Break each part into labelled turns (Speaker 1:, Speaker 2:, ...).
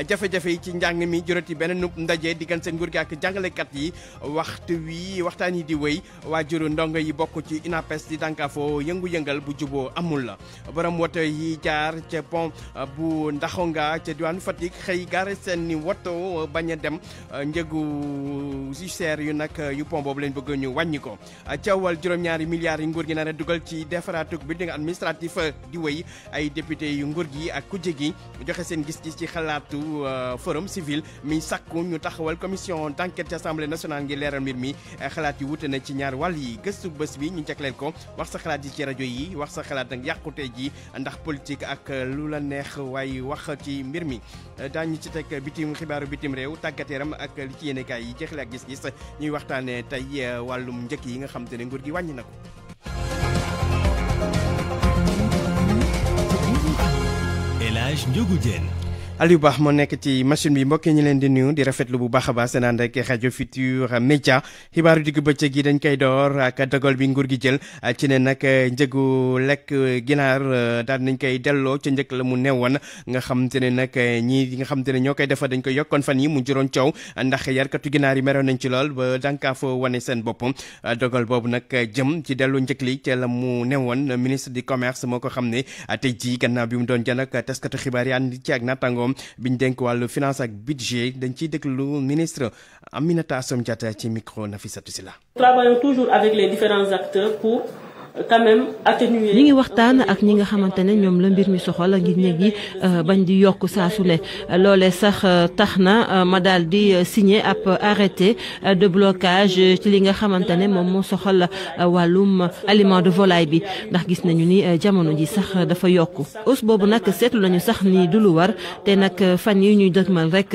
Speaker 1: jafe-jafe yi ci njàng mi jurati beneen ndaje diggante nguur gi ak jàngalekat yi waxtu wii waxtaan yi di wéy waajuru ndongo yi bokk ci UNAPES di dànkaafoo yëngu-yëngal bu juboo amul la borom woto yi jaar ca pont bu nga ca diwaan Fatick xëy gaare seen ni woto bañ a dem njëgu si yu nag yu pont boobu lañ bëgg ñu wàññi ko cawal juróom-ñaari milliards yi nguur gi nar dugal ci defaratuk building administratif di wéy ay député yu nguur gi ak kujje gi joxe ci xalaatu bu euh, forum civil mi sàkku ñu taxawal commission d'enquête ci assemblée nationale ngir leeral mbir mi eh, xalaat yi wute na ci ñaar wàll yi gëstu bés bi ñu jagleel ko wax sa xalaat yi ci rajo yi wax sa xalaat nag yàqute ji ndax politique ak lu la neex waaye wax ci mbir mi eh, daañu ci teg bitim xibaaru bitim réew tàggat yaram ak li ci yéenekaay yi jeexle ak gis-gis ñuy waxtaane tey eh, wàllum njëkk yi nga xam te ne nguur gi wàññi na ko Aliou Ba moo nekk ci machine bi mbokk ñi leen di nuyu di rafetlu bu baax a baax seen ànd ak rajo Futurs Médias xibaaru digg bëccëg yi dañ koy door ak dogal bi nguur gi jël ci ne nag njëgu lekk ginaar daal nañ koy delloo ca njëkk la mu newoon nga xam ne nag ñii nga xam te ne ñoo koy defar dañ koy yokkoon fan yi mu juróon coow ndax yarkatu ginaar yi meroon nañ ci lool ba dankaa fa wane seen bopp dogal boobu nag jëm ci dellu njëkk li ca la mu newoon ministre du commerce moo ko xam ne tey jii gannaaw bi mu doon jan ak taskatu xibaar yi ànd ci ak nattangoo koom biñ denk wàllu finance ak budget dañ ciy déglu ministre Aminata Assome Diatta ci micro Nafissatou Silla.
Speaker 2: Nous travaillons toujours avec les différents acteurs pour quand ngi
Speaker 3: waxtaan ak ñi nga xamante ne ñoom la mbir mi soxal ngir ñëg yi euh, bañ di yokk saa su ne loolee sax euh, tax na euh, ma daal di signer ab arrêté de blocage ci li nga xamante ne moom moo soxal wàllum aliment de volaille bi ndax gis nañu ni jamono ji sax dafa yokk hausse boobu nag seetlu nañu sax ni du lu war te nag fan yi ñuy dëgmal rek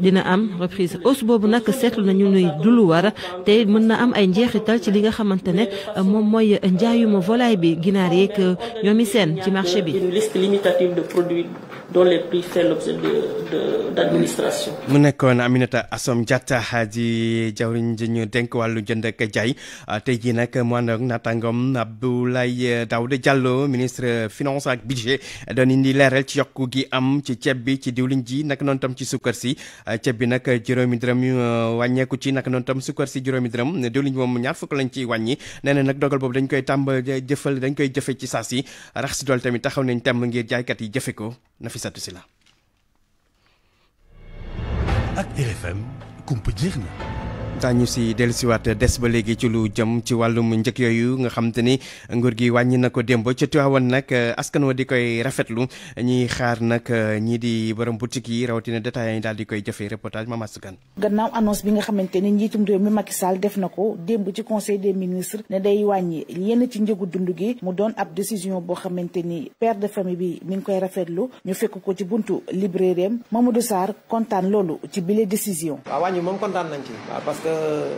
Speaker 3: dina am reprise os boobu nag seetlu nañu nuy du lu war te mën na am ay njeexital ci li nga xamante ne euh, moom mooy njaayuma volaille bi ginaar yeeg ñoomi euh, seen ci marché bi.
Speaker 2: dont les prix fait l'objet de de d'administration.
Speaker 1: mu nekkoon Aminata Assome Diatta di jawriñ ji ñu dénk wàllu jënd ak jaay ah, tey jii nag mu ànd ak naataangoom Abdoulaye Daouda Diallo ministre finance ak budget doon indi leeral ci yokku gi am ci ceeb bi ci diwlin ji naka noonu tam ci sukkar si ah, ceeb bi nag juróomi dërëm yu ah, wàññeeku ci naka noonu tam sukkar si juróomi dërëm diwlin moom ñaar fukk lañ ci wàññi nee na nag dogal boobu dañ koy tàmb jëfal dañ koy jëfe ci saa si rax si dool tamit taxaw nañ tàmb ngir jaaykat yi jëfe bénéfice ça tout cela. Acte RFM qu'on peut laataa ñu si dellusiwaat des ba léegi ci lu jëm ci wàllum njëkk yooyu nga xam te ni nguur gi wàññi na ko démb ca Tiwaawan nag wa di koy rafetlu ñuy xaar nag ñii di borom boutique yi rawatina détaillants yi daal di koy jëfee reportage Mama Sougane.
Speaker 4: gannaaw annonce bi nga xamante ni njiitum réew mi Macky Sall def na ko démb ci conseil des ministres ne day wàññi yenn ci njëgu dund gi mu doon ab décision boo xamante ni père de famille bi mi ngi koy rafetlu ñu fekk ko ci buntu librairie am Mamadou Sarr kontaan loolu ci bile décision.
Speaker 5: waaw wàññi moom kontaan nañ ci. waaw parce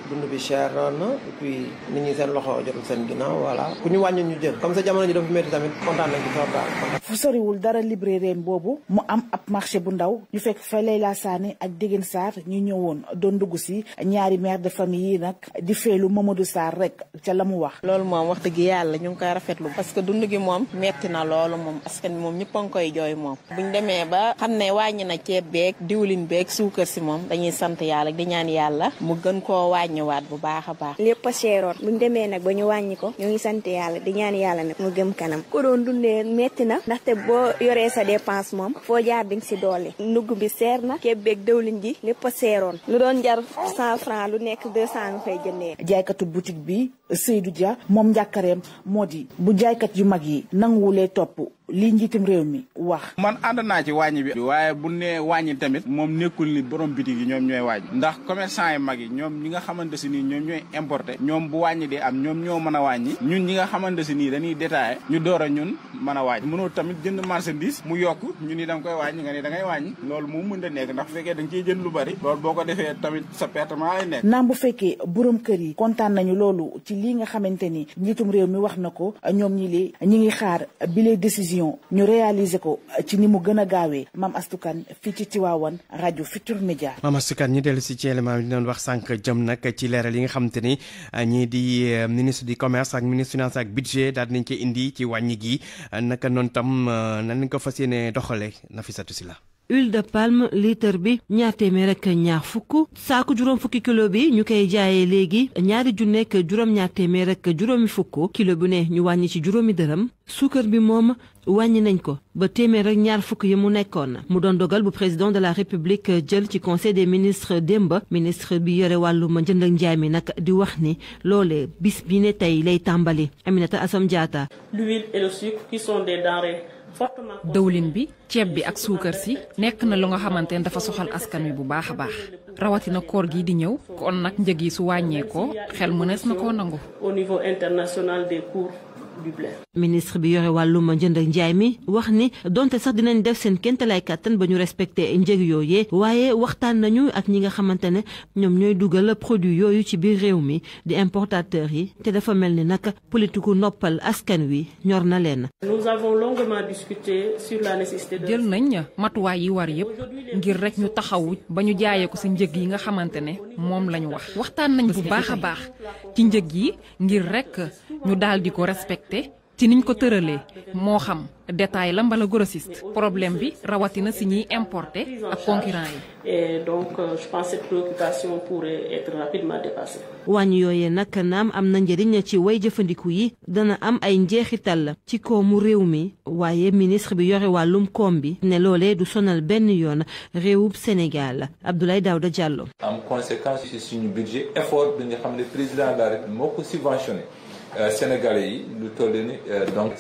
Speaker 5: dund bi cher na et puis nit ñi seen loxo jotul seen ginnaaw voilà ku ñu wàññi ñu jël comme sa jamono ji dafa métti tamit kontaan nañ ci trop daal
Speaker 4: fu soriwul dara librairie boobu mu am ab marché bu ndaw ñu fekk fa Leyla Sané ak Déguen Sarr ñu ñëwoon doon dugg si ñaari mère de famille yi nag di feelu Mamadou Sarr rek ca la mu wax loolu moom wax dëgg yàlla ñu ngi koy rafetlu parce que dund gi moom metti na loolu moom askan moom ñëpp a koy jooy moom buñ demee ba xam ne na ceeb beeg diwlin beeg suukar si moom dañuy sant yàlla di ñaan yàlla mu gën gën koo wàññiwaat bu baax
Speaker 6: a baax lépp a seeroon buñ demee nag ba ñu wàññi ko ñoo ngi sant yàlla di ñaan yàlla nag mu gëm kanam ko doon dundee metti na ndaxte boo yoree sa dépense moom foo jaar di nga si doole ndugg bi seer na képp beeg dëwlin ji lépp a seeroon lu doon jar cent franc lu nekk deux cent nga fay jëndee
Speaker 4: jaaykatu boutique bi Seydou ja moom njàkkareem moo di bu jaaykat yu mag yi nanguwulee topp li njiitum réew mi wax.
Speaker 7: man ànd naa ci wàññi bi. waaye bu nee wàññi tamit. moom nekkul ni borom bitig yi ñoom ñooy wàññi. ndax commerçant yi mag yi ñoom ñi nga xamante si nii ñoom ñooy importé. ñoom bu wàññi di am ñoom ñoo mën a wàññi. ñun ñi nga xamante si nii dañuy détaillé. ñu door a ñun man a wàññi. mënoo tamit jënd marchandise. mu yokk ñu ni da nga koy wàññi nga ni da ngay wàññi. loolu mu mën a nekk ndax bu fekkee da nga ciy jënd lu bari. loolu boo ko defee tamit sa pertement lay nekk. naam bu
Speaker 4: fekkee borom kër yi kontaan nañu loolu ci li nga xamante ni njiitum réew mi wax na ko ñoom ñi li ngi xaar bile décision vision ñu réaliser ko ci ni mu gën a gaawee maam astukan fii ci Tiwaawan rajo Futur Media.
Speaker 1: maam astukan ñu dellu si ci élément bi doon wax sànq jëm nag ci leeral yi nga xam te ni ah, ñii di euh, ministre di commerce ak ministre finance ak budget daal nañ ci indi ci wàññi gi ah, naka noon tam euh, nan lañ ko fa fas yéene doxalee Nafisatou Sylla
Speaker 3: huile de palme litre bi ñaar téeméer ak ñaar fukk saaku juróom fukki kilo bi ñu koy jaayee léegi ñaari junne ak juróom ñaar téeméer ak juróomi fukk kilo bu ne ñu wàññi ci juróomi dërëm suukar wàññi nañ ko ba témer ak ñaar fukk yu mu nekkon mu don dogal bu président de la république jël ci conseil des ministres demba ministre bi yore wàllum jënd ak njaay nak di wax ni lolé bis bi ne tay lay Aminata assam
Speaker 2: l'huile et le sucre qui sont des denrées dawlin
Speaker 3: bi ceeb bi ak suukar si nekk na lu nga xamante
Speaker 8: dafa soxal askan wi bu baax a baax koor gi di ñëw kon nag njëg yi su wàññeekoo
Speaker 3: xel mënees na nangu.
Speaker 2: au niveau international des cours. du blé.
Speaker 3: ministre bi yore wàllum njënd ak njaay mi wax ni donte sax dinañ def seen kéemtalaay kàttan ba ñu respecté njëg yooyee waaye waxtaan nañu ak ñi nga xamante ne ñoom ñooy dugal produit yooyu ci biir réew mi di importateur yi te dafa mel ni nag politiku noppal askan wi ñor na leen.
Speaker 2: nous jël
Speaker 3: nañ matuwaay yi war
Speaker 8: yépp ngir rek ñu taxawu ba ñu jaayee ko sa njëg yi nga xamante ne moom lañu wax waxtaan nañ bu baax a baax ci njëg yi ngir rek ñu daal respecté ci niñ ko tëralee moo xam détail la mbala grossiste problème bi rawatina si ñiy importer ak
Speaker 2: concurrent donc euh, je pense
Speaker 3: wàññi yooyee nag naam am na njëriñ ci way jëfandiku yi dana am ay njeexital ci koomu réew mi waaye ministre bi yore wàllum koom bi ne loole du sonal benn yoon réewub Sénégal Abdoulaye Daouda Diallo.
Speaker 9: am conséquence ci suñu budget la République moo ko Euh, Sénégalais yi lu toll euh, donc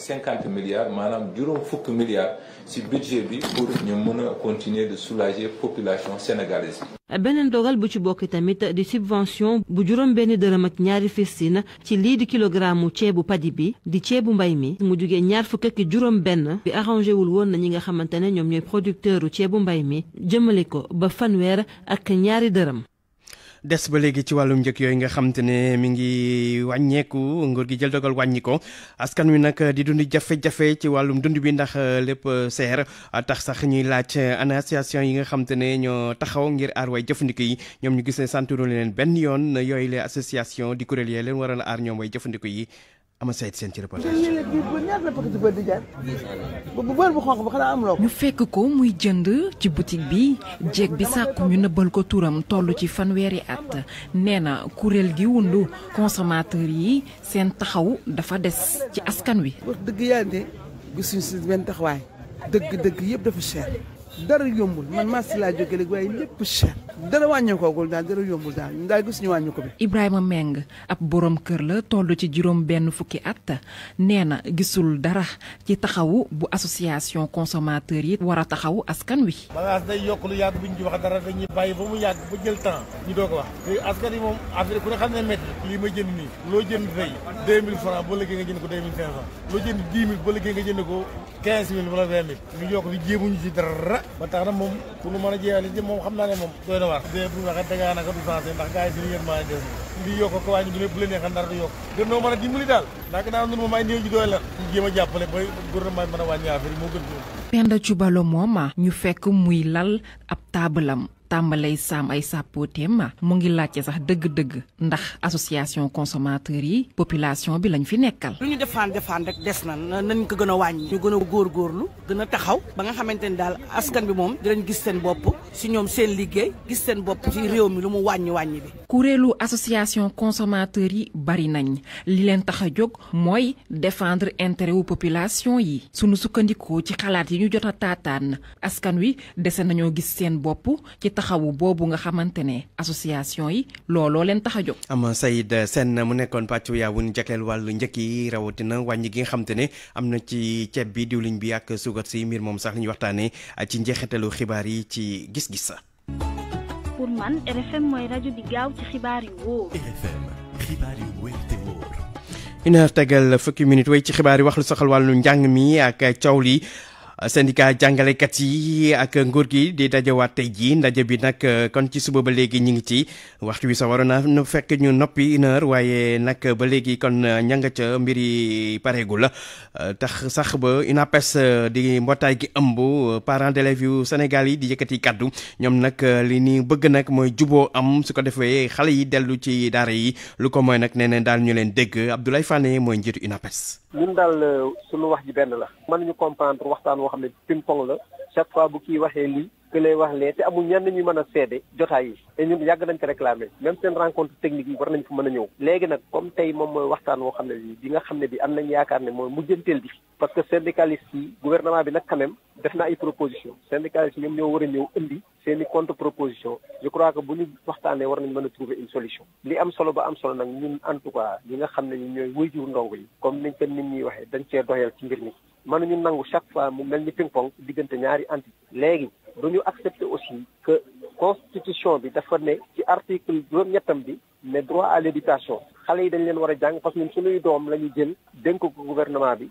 Speaker 9: milliards maanaam juróom fukk milliards ci budget bi pour ñu mën continuer de soulager population sénégalaise
Speaker 3: beneen dogal bu ci bokk tamit di subvention bu juróom benn dërëm ak ñaari fistine ci lii di kilogramme ceebu padi bi di ceebu mbay mi mu jugee ñaar fukk ak juróom benn bi arrangé wul woon na ñi nga xamante ne ñoom ñooy producteur u ceebu mbay mi jëmale ko ba fanweer ak ñaari dërëm.
Speaker 1: des ba léegi ci wàllum njëkk yooyu nga xam ne mi ngi wàññeeku nguur gi jël dogal wàññi askan wi nag di dund jafe-jafe ci wàllum dund bi ndax euh, lépp euh, seer euh, tax sax ñuy laaj ana yi nga xam ne ñoo taxaw ngir aar way jëfandiku yi ñoom ñu gis ne santuuru leen benn yoon yooyu les association di kuréel yee leen waral aar ñoom way jëfandiku yi ama sayt seen
Speaker 8: ñu fekk ko muy jënd ci boutique bi jeeg bi sàkku ñu nëbbal ko turam toll ci fanweeri at nee na kuréel gi wundu consommateur yi seen taxaw dafa des ci askan wi. dëgg
Speaker 4: yàlla de dëgg dëgg yëpp dafa cher. dara yombul man maa si cher dara dara yombul ko bi
Speaker 8: Ibrahima Meng ab borom kër la tollu ci juróom benn fukki at nee na gisul dara ci taxawu bu association consommateur yi war a taxawu askan wi
Speaker 10: bagage day yokk lu yàgg bu wax dara dañuy bàyyi ba mu yàgg ba jël temps ñu ko wax te askan yi moom affaire ku ne xam ne li ma jënd nii loo jënd fay 2000 mille francs bo léegi nga jënd ko 2500 lo cinq loo jënd 10000 bo ba nga jënd ko quinze mille wala vingt mille ñu jox ko dara ba tax na moom pour nu mën a jeexal ci moom xam naa ne moom doy na waar dé bu waxee tegaa naka du sensé ndax gars yi suñu yéen maa ngi des di yokk ko wàññi bu bu leen neexal ndar du yokk gën noo mën a dimbali daal ndax naa nun moom ay néew ji doy la ñu jéem a jàppale ba gouvernement mën a wàññi affaire yi moo gën
Speaker 8: Penda Thioubalo mooma ñu fekk muy lal ab taabalam tàmbalay saam ay sàppooteem ma mu ngi laajte sax dëgg-dëgg ndax association consommateur yi population bi lañ fi nekkal
Speaker 4: lu ñu defaan defaan rek des na nañ ko gën a ñu taxaw ba nga askan bi gis seen seen liggéey gis seen réew mi lu mu
Speaker 8: bi association consommateur yi bari nañ li leen défendre intérêt population yi sunu sukkandikoo ci xalaat yi ñu jot a askan wi gis seen ci taxawu boobu nga xamante ne association yi looloo leen tax a jóg.
Speaker 1: am Saïd Sène mu nekkoon pàccu yaa wuñ jagleel wàllu njëkk yi rawatina wàññi gi nga xamante ne am na ci ceeb bi diwliñ bi ak suukar si mbir moom sax li ñu waxtaanee ci njeexitalu xibaar yi ci gis-gis.
Speaker 10: pour man RFM mooy rajo di gaaw ci xibaar yu wóor. RFM xibaar yu te wóor.
Speaker 1: une heure tegal fukki minute way ci xibaar yi wax lu soxal wàllu njàng mi ak coow li. Senika jàngalekat yi ak nguur gi di dajawaat tey jii ndaje bi nag kon ci suba ba léegi ñu ngi ci waxtu bi sa na kon ñanga eh, ca paregula. Tak pareegul eh, tax sax eh, di mbootaay embu para parents d'élèves di yëkkati kàddu nyom nag lini ni bëgg nag am suka ko defee xale yi dellu ci daara yi lu ko mooy nag nee na inapes.
Speaker 5: ñun daal euh, suñu wax ji benn la. mën ñu comprendre waxtaan woo xam ne ping la chaque fois bu kii waxee lii. ki lay wax lee te amul ñenn ñu mën a seede jotaay yi te ñun yàgg nañ ko réclamé même seen rencontre technique yi war nañ fa mën a ñëw léegi nag comme tey moom mooy waxtaan woo xam ne bi bi nga xam ne bi am nañ yaakaar ne mooy mujjanteel bi parce que syndicaliste yi gouvernement bi nag quand même def na ay proposition syndicaliste ñoom ñoo war a ñëw indi seen i proposition je crois que bu ñu waxtaanee war nañ mën a trouver une solution li am solo ba am solo nag ñun en tout cas ñi nga xam ne ñi ñooy wayjur ndongo yi comme niñ ko nit ñi waxee dañ cee doyal ci mbir mi mënuñu nangu chaque fois mu mel ni ping pong diggante ñaari entité léegi du ñu accepter aussi que constitution bi dafa ne ci article juróom-ñettam bi ne droit à l'éducation xale yi dañ leen war a jàng parce que suñuy doom la ñu jël dénk ko gouvernement bi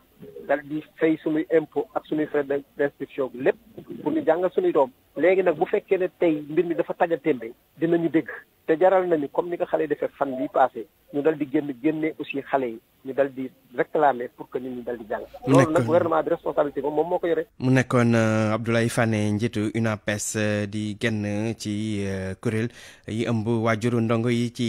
Speaker 5: dal di fay suñuy impôt ak suñuy frais d'inscription bi lépp pour ñu jàngal suñuy doom léegi nag bu fekkee ne tey mbir mi dafa taja témbe ñu dégg te jaral nañu comme ni ko xale yi defee fan bi passé ñu dal di génn génnee aussi xale yi ñu dal di réclamer pour que nit ñu dal di jàng loolu nag gouvernement bi responsabilité moom moom moo ko yore
Speaker 1: mu nekkoon euh, Abdoulaye Fane njiitu UNAPES euh, di génn ci euh, kuréel yi ëmb waajuru ndongo yi ci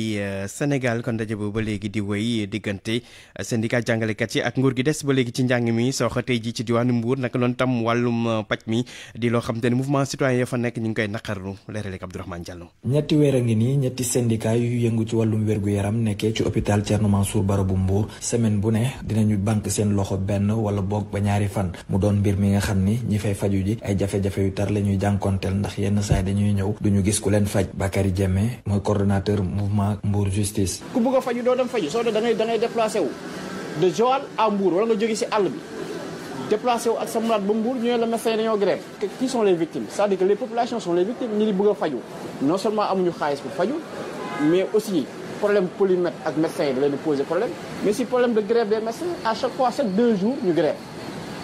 Speaker 1: Sénégal kon daje boobu boleh gi di wéy diggante eh, syndicat jàngalekat yi ak nguur gi des boleh gi ci njàng mi sooxa tey ji ci diwaanu Mbour naka noonu tam eh, mi di loo xam te ne mouvement citoyen ya fa nekk ñu ngi koy naqarlu leeralek Abdourahmane Diallo
Speaker 11: ñetti weer ngi nii ñetti syndicat yu yëngu ci walum wér-gu-yaram nekkee ci hôpital Thierno Mansour Bara Mbour semaine bu dinañu bank seen loxo benn wala boog ba ñaari fan mu doon mbir mi nga xam ni ñi fay faju ji ay jafe-jafe yu tar la ñuy ndax yenn dañuy ñëw duñu gis ku faj Bakary Diémé mooy coordonnateur mouvement Mbour Justice
Speaker 5: ku bëgg
Speaker 1: faju do dem faji so dee da ngay da ngay déplacé wu de Joal à Mbour wala nga jóge ci all bi déplacé wu ak sa malade ba Mbour ñu ne la médecin grève qui sont les victimes c'est-à-dire que les populations sont les victimes
Speaker 7: ñi di bëgg a non seulement amuñu xaliss pour faju mais aussi problème polymètre ak médecin yi poser problème mais si problème de grève des médecins à chaque fois c'est deux jours ñu grève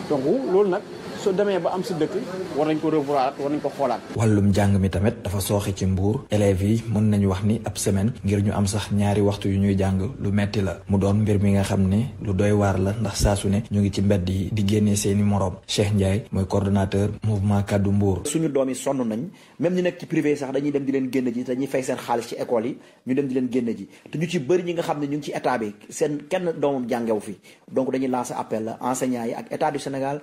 Speaker 7: donc l'on met soo demee ba am si dëkk war nañ ko revoir war ko xoolaat.
Speaker 11: wàllum jàng mi tamit dafa sooxe ci mbuur élèves yi mën nañu wax ni ab semaine ngir ñu am sax ñaari waxtu yu ñuy jàng lu metti la mu doon mbir mi nga xam ne lu doy waar la ndax saa su ne ñu ngi ci mbedd yi di génnee seeni moroom Cheikh Ndiaye mooy coordonnateur mouvement kàddu mbuur. suñu doom yi sonn nañ même ñu nekk ci privé sax dañuy dem di leen génn ji dañuy fay seen xaalis ci école yi ñu dem di leen génn ji te ñu ci bëri ñi nga xam ne ñu ngi ci état bi seen kenn doomam jàngewu fi donc dañuy lancer appel enseignants yi ak état du Sénégal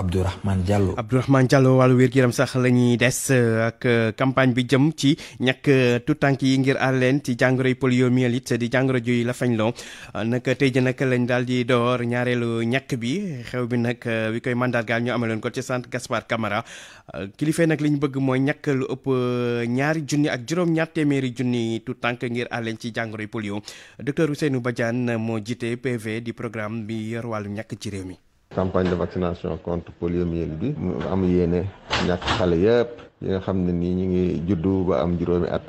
Speaker 11: Abdourahmane Diallo
Speaker 1: Abdourahmane Diallo wàllu wér sax la ñuy des euh, ak euh, campagne bi jëm ci ñàkk euh, tuutànk yi ngir aar leen ci jàngoroy poliomyélite di jàngoro juy la fañ loo naka tey ji nag lañ daal di door ñaareelu ñàkk bi xew bi nag wi koy mandargaal ñu amaloon ko ci centre Gaspard kamara kilifee nag li bëgg mooy ñakk lu ëpp ñaari junni ak juróom-ñaar téeméeri junni tuutànk ngir aar leen ci jàngoroy polio docteur Ousseynou Badiane moo jiite PV di programme bi yor wàllu mi.
Speaker 12: campagne de vaccination contre poliomyélite bi mu am yéene ñàkk xale yëpp yi nga xam ne nii ñu ngi juddu ba am juróomi at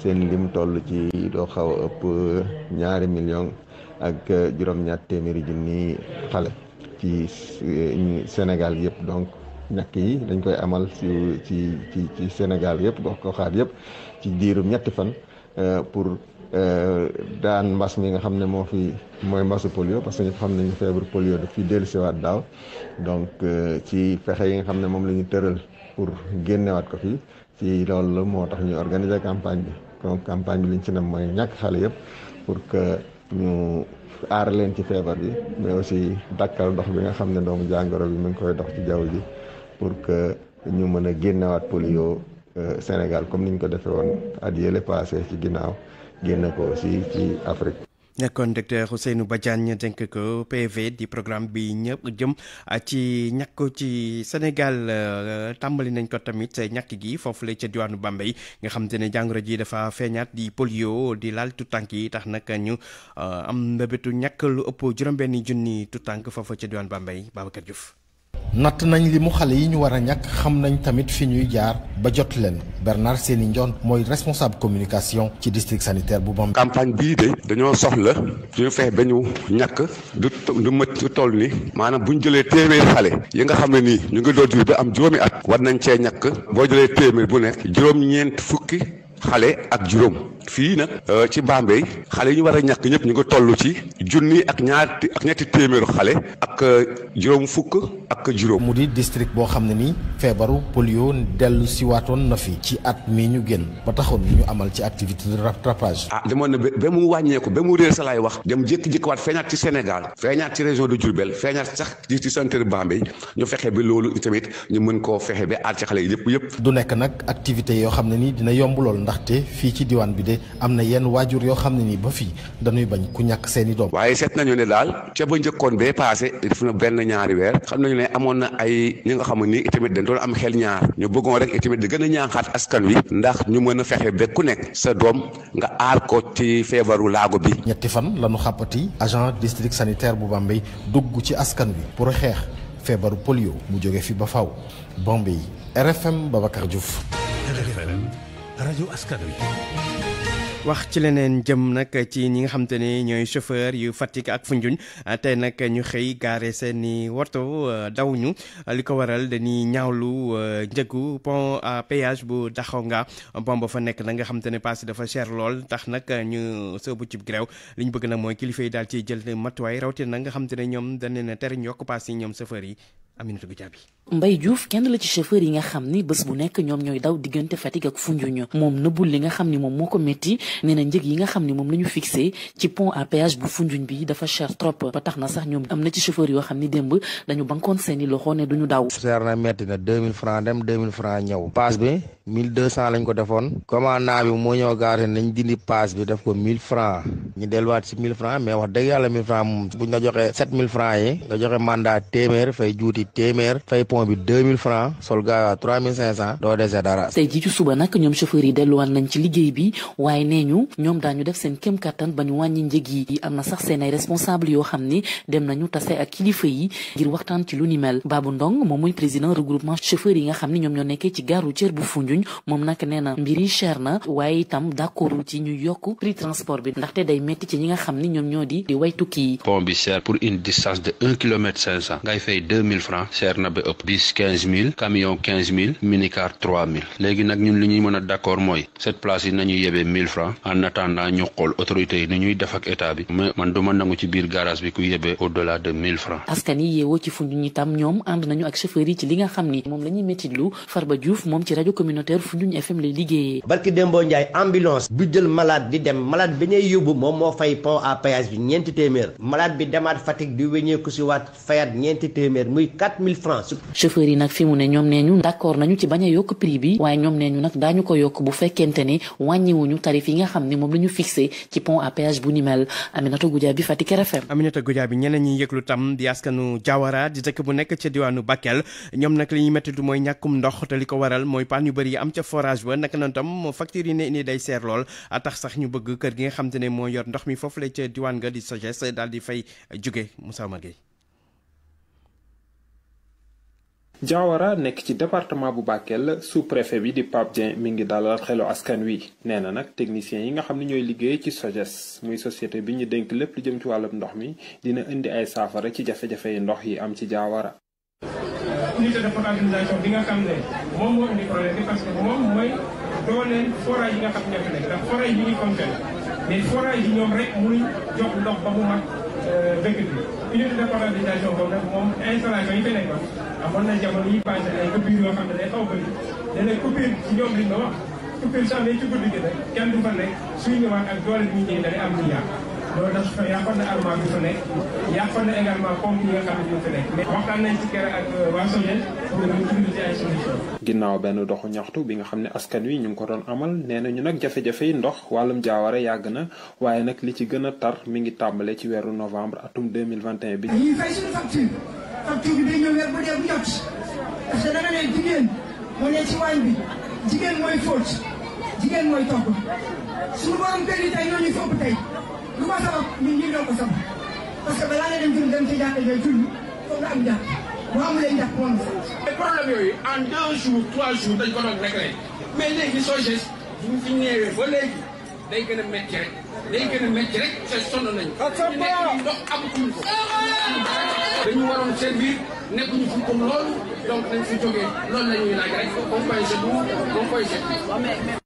Speaker 12: seen lim toll ci doo xaw a ëpp ñaari million ak juróom-ñaar téeméeri junni xale ci Sénégal yëpp donc ñàkk yi dañ koy amal ci ci ci Sénégal yëpp gox goxaat yëpp ci diirum ñetti fan euh, pour. daan mbas mi nga xam ne moo fi mooy mbasu polio parce que ñëpp xam nañu feebar polio daf fi dellusiwaat daaw donc euh, ci fexe yi nga xam ne moom la ñu tëral pour génnewaat ko fii ci loolu la moo tax ñu organiser campagne bi donc campagne bi liñ ci nem mooy ñàkk xale yëpp pour que ñu aar leen ci feebar bi mais aussi dakkal ndox bi nga xam ne doomu jàngoro bi mu ngi koy dox ci jaww ji pour que ñu mën a génnewaat polio euh, Sénégal comme ni niñ ko defee woon at yële passé ci ginnaaw génn ko aussi ci Afrique.
Speaker 1: nekkoon docteur Ousseynou Badiane dénk ko PV di programme bi ñëpp jëm ci ñàkk ci Sénégal euh, tàmbali nañ ko tamit ñàkk gi foofu lay ca diwaanu Bambey nga xam te ne jàngoro ji dafa feeñaat di polio di laal tutànk yi tax nag ñu euh, am mbébétu ñàkk lu ëpp juróom-benni junni tutànk foofu ca diwaanu Bambey Babacar Diouf.
Speaker 10: natt nañ li mu xale yi ñu war a ñàkk xam nañ tamit fi ñuy jaar ba jot leen Bernard Seni njoon mooy responsable communication ci district sanitaire bu Bambey. campagne
Speaker 12: bii de dañoo soxla ñu fexe ba ñu ñàkk du du mët du toll ni maanaam bu ñu jëlee téeméeri xale yi nga xam ne nii ñu ngi doon jur ba am juróomi at war nañ cee ñàkk boo jëlee téeméer bu nekk juróom-ñeent fukki xale ak juróom.
Speaker 13: fii nag euh, ci Bambey xale yi ñu war a ñàkk ñëpp ñu ngi tollu ci ni ak ñaar ak ñetti téeméeru xale ak euh, juróom fukk
Speaker 10: ak juróom. mu di district boo xam ne nii feebaru polio dellu si waatoon na fi ci at mii ñu génn ba taxoon ñu amal ci activité de rattrapage. ah
Speaker 13: demoon na mu wàññeeku ba mu réer sa laay wax. dem jékki-jékki waat ci Sénégal feeñaat ci de Diourbel feeñaat sax ci ci centre Bambey ñu fexe ba loolu tamit ñu mën koo fexe
Speaker 10: ba aar ci xale yëpp yëpp. du nekk nag activité yoo xam ne nii dina yomb loolu ndaxte fii ci diwaan bi de ne am na yenn waajur yoo xam ne nii ba fii dañuy bañ ku ñàkk seeni doom. waaye seet nañu ne daal ca ba
Speaker 13: njëkkoon bee passé def na benn ñaari weer xam nañu ne amoon na ay ñi nga xam ne itamit dañ doon am xel ñaar ñu bëggoon rek itamit di gën a ñaaxaat askan wi ndax ñu mën a fexe ba nekk sa doom nga aar ko ci feebaru laago bi.
Speaker 10: ñetti fan lañu xàppati agent district sanitaire bu Bambey dugg ci askan wi pour xeex feebaru polio mu jóge fi ba faw Bambey RFM Babacar Diouf.
Speaker 14: RFM rajo wi.
Speaker 1: wax ci leneen jëm nag ci ñi nga xam te ñooy chauffeur yu Fatick ak Foundiougne tey nag ñu xëy gaare seeni woto euh, daw ñu li ko waral dañuy ñaawlu euh, njëgu pont à péage bu Daxonga pont ba fa nekk na nga xam te ne paas dafa cher lool tax nag ñu soobu ci grève li ñu bëgg nag mooy kilifa yi daal ci jël matuwaay rawatina nga xam te ne ñoom dañ leen a tere ñu yokk paas yi ñoom chauffeur yi. Aminata Goudiaby
Speaker 15: kenn la ci chauffeur yi nga xam ni bés bu nekk ñoom ñooy daw diggante Fatick ak Foundiougne moom nëbbul li nga xam ni moom moo ko métti nee na yi nga xam ni moom la ñu ci pont à péage bu Foundiougne bi dafa cher trop ba tax na sax ñoom am na ci chauffeur yoo xam ni démb dañu bankoon seen i loxo ne duñu daw
Speaker 10: cher na métti na dem 2000 francs ñëw paas bi 1200 lañ ko defoon bi def ko 1000 francs ñu delluwaat si francs mais wax dëgg yàlla bi téeméer fay pont bi 2000 francs sol gaawaa 3500 doo dese dara.
Speaker 15: tey jii ci suba nag ñoom chauffeurs yi delluwaat nañ ci liggéey bi waaye nee ñu ñoom daañu def seen kéem kattan ba ñu wàññi njëg yi am na sax seen ay responsable yoo xam ni dem nañu tase ak kilifa yi ngir waxtaan ci lu ni mel Babou Ndong moom mooy président regroupement chauffeurs yi nga xam ni ñoom ñoo nekkee ci garu cër bu Foundiougne moom nag nee na mbir yi cher na waaye itam d'accord ci ñu yokk prix transport bi ndaxte day metti ci ñi nga xam ni ñoom ñoo di di waytu tukki yi.
Speaker 16: pont bi cher pour une distance de un kilomètre cinq cent ngay fay deux mille francs francs seer na ba ëpp bus mille camion mille minicar mille léegi nag ñun li ñuy mën a mooy cette place yi nañu yebee mille francs en attendant ñu xool autorités yi ni ñuy def ak état bi mais man du nangu ci biir garage bi ku yebee au delà de mille francs
Speaker 15: askan yi yeewoo ci Foundiougne itam ñoom ànd nañu ak chauffeur ci li nga xam ni moom la ñuy méttitlu Farba Diouf moom ci rajo communautaire Foundiougne FM lay liggéeyee barki Dembo Ndiaye ambulance bu jël
Speaker 1: malade quatre mille
Speaker 15: chauffeur yi nag fi mu ne ñoom nee ñu d'accord nañu ci bañ a yokk prix bi waaye ñoom nee ñu nag daañu ko yokk bu fekkente ne wàññiwuñu tarif yi nga xam ne moom la ñu fixé ci pont à péage bu ni mel Aminata Goudiaby Fatick RFM.
Speaker 1: Aminata bi ñeneen ñi yëglu tam di askanu Jawara di dëkk bu nekk ca diwaanu Bakel ñoom nag li ñu méttitu mooy ñàkkum ndox te li ko waral mooy panne yu bëri yi am ca forage ba naka noonu tam facture yi ne ni day seer lool tax sax ñu bëgg kër gi nga xam ne moo yor ndox mi foofu la diwaan nga di sagesse daal di fay jóge Moussa
Speaker 16: Magueye Diawara nekk ci département bu Bakel sous-préfet bi di Pape Dieng mi ngi dalal xelu askan wi nee na nag techniciens yi nga xam ne ñooy liggéey ci SOGES muy société bi ñu dénk lépp lu jëm ci wàllum ndox mi dina indi ay saafara ci jafe-jafe ndox yi am ci Diawara. unité de potabilisation bi nga xam ne moom moo indi problème bi parce que moom mooy dooleel forage yi nga xam ne ñoo fi nekk ndax forage yi ñuy fonctionné yi ñoom rek mënuñ jox ndox ba mu mag euh, unité de polarisation boobu nag moom installation yi fi nekkoon amoon na jamono yi yoo xam ne day xaw a bëri léeg-léeg coupure ci ñoom liñ ma wax coupure sax day ci guddi gi nag kenn du fa nekk ak doole bi ñu ñëwee am lu yàqu Euh, ginnaaw benn doxu ñaxtu bi nga xam ne askan wi ñu ngi ko doon amal nee na ñu nag jafe-jafe yi ndox wàllum jaawara yàgg na waaye nag li ci gën a tar mi ngi tàmbale ci weeru novembre atum 2021 bi ñuy
Speaker 4: fay suñu facture facture bi day ñëw weer bu bu jot parce que dana jigéen moo ne ci waañ bi jigéen mooy fóot jigéen mooy togg suñu yi tey ñoo ñu tey lu ko sabab ñun ñii ñoo ko sabab parce que balaa nga dem jur dem
Speaker 7: ci jàkka jooy julli foog nga am jàpp boo amulee jàpp moom la. problème yooyu en deux jours trois jours dañ ko doon réglé mais léegi SOGES buñ fi ba léegi day gën a métti rek day gën a métti rek te sonn nañu. Ah, ñu nekk ndox amatuñ ko. dañu waroon seen biir nekkuñu fi comme loolu donc dañ fi jógee loolu la ñuy laaj
Speaker 4: rek on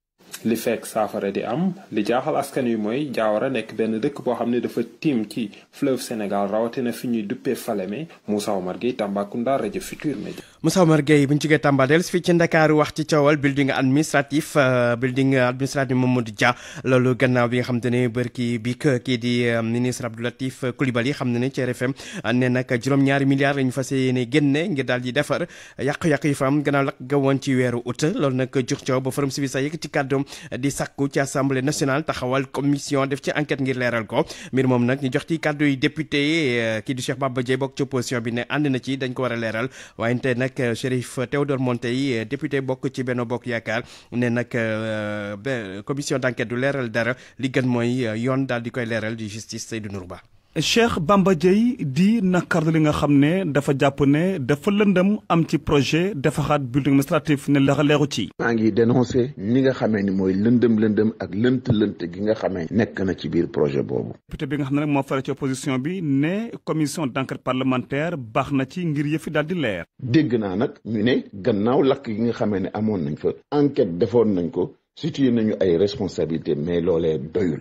Speaker 16: li fekk saafara di am li jaaxal askan wi mooy Diawara nekk benn dëkk boo xam ne dafa tiim ci fleuve Sénégal rawatina fi ñuy duppee Falémé Moussa Omar Gueye Tambacounda rajo Futur Média
Speaker 1: Moussa Omar Gueye bu ñu jógee Tamba dellusi fii ci Ndakaaru wax ci coowal building administratif euh, building administratif Mamadou Dia loolu gannaaw bi nga xam te ne bërki bi kii di euh, ministre Abdou Latif Coulibaly xam ne ne ci RFM ne nag juróom-ñaari milliards la fa fas yéene génne ngir daal di defar yàq-yàq yi fa am gannaaw lakk ga woon ci weeru août loolu nag jur coow ba Forum Civil sa yëkk ci kàddoom di sàkku ci assemblée nationale taxawal commission def ci enquête ngir leeral ko mbir moom nag ñu jox ci kàddu yi député euh, kii di Cheikh Baba Dièye bokk ci bi ne ànd na ci dañ ko war a leeral le euh, Théodore Monteil euh, député de ci Benno Bokk euh, commission d'enquête de l'ERL leeral dara li gën moy yone dal di koy justice Seydou Nourba
Speaker 14: Cheikh Bamba Dièye di
Speaker 7: nakar li nga xam dafa japp ne dafa lëndëm am ci projet xat building administratif
Speaker 12: ne la leeru ci. ma ngi dénoncer ni nga xamé ni moy lëndëm lëndëm ak leunt leunt gi nga xamé nek na ci biir projet bobu
Speaker 7: député bi nga xamné mo moo ci opposition bi ne commission d'enquête parlementaire bax na ci ngir yëfi dal di leer.
Speaker 12: dégg na nak ñu né gannaaw lakk gi nga xamee amon amoon nañ fa enquête defoon nañ ko situé nañu ay responsabilité mais lolé doyul.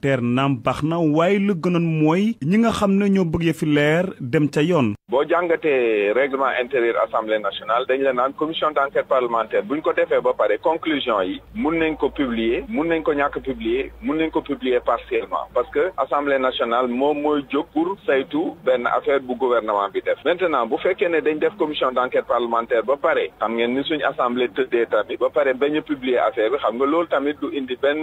Speaker 7: parlementaire naam baax na waaye lu gënoon mooy ñi nga xam ne ñoo bëgg fi leer dem ca yoon.
Speaker 9: bo jàngatee règlement intérieur assemblée nationale dañ la nane commission d'enquête parlementaire buñ ko défé ba paré conclusion yi mën nañ ko publier mën nañ ko ñàkk publier mën nañ ko publier partiellement parce que assemblée nationale mo moy jóg pour saytu ben affaire bu gouvernement bi def. maintenant bu fekkee né dañ def commission d'enquête parlementaire ba paré xam ngeen ni suñ assemblée tëddee tamit ba paré bañ a publier affaire bi xam nga lool tamit du indi ben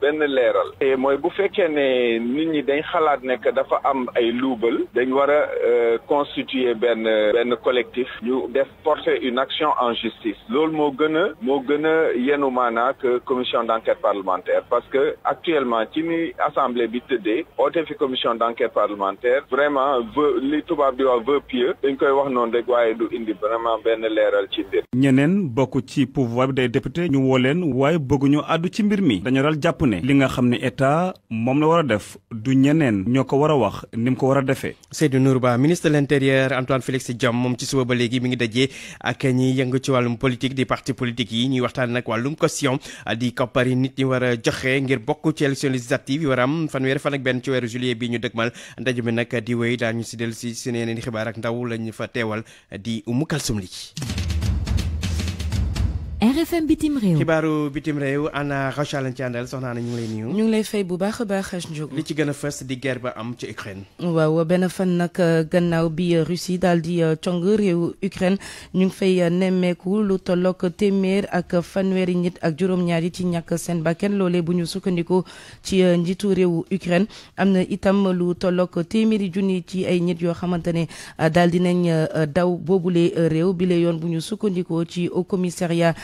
Speaker 9: benn leeral. et bu fekkee ne nit ñi dañ xalaat ne que dafa am ay luubal dañ war a euh, constituer benn benn collectif ñu def porter une action en justice loolu moo gën a moo gën a yenu maanaa que commission d'enquête parlementaire parce que actuellement ci ni assemblée bi tëddee oote fi commission d'enquête parlementaire vraiment vœu li tubaab di wax vœu pieux dañ koy wax noonu rek waaye du indi vraiment benn leeral ci mbir
Speaker 7: ñeneen bokk ci pouvoir bi day député ñu woo leen waaye bëgguñu àddu ci mbir mi dañu jàpp ne li nga xam ne état
Speaker 1: moom la war a def du ñeneen ñoo ko war a wax ni mu ko war a defee. Seydou Nourou Ba ministre de l' intérieur Antoine Félix Diome moom ci suba ba léegi mi ngi dajee ak ñiy yëngu ci wàllum politique di parti politique yi ñuy waxtaan nag wàllum caution di koppari nit ñi war a joxe ngir bokk ci élection législative yi war a am fanweeri fan ak benn ci weeru juillet bii ñu dëgmal ndaje mi nag di wéy ñu si dellu si si yeneen xibaar ak ndaw lañu fa teewal di Umu Kalsum RFM bitim réew xibaaru bitim réew Anna Rocha lañ ci àndal soxna Anna ñu ngi lay nuyu. ñu
Speaker 17: ngi lay fay bu baax a baax
Speaker 1: Ndiogu. li ci gën a fës di guerre ba am ci Ukraine.
Speaker 17: waaw benn fan nag euh, gannaaw bi euh, Russie daal di euh, cong réew Ukraine ñu ngi fay nemmeeku lu tollook téeméer ak fanweeri nit ak juróom-ñaar yi ci ñàkk seen bakkan loole bu ñu sukkandiku ci njiitu réew Ukraine am na itam lu tollook téeméeri junni ci ay nit yoo xamante ne daal di nañ daw boobu boobule réew bile yoon bu ñu sukkandikoo ci au commissariat.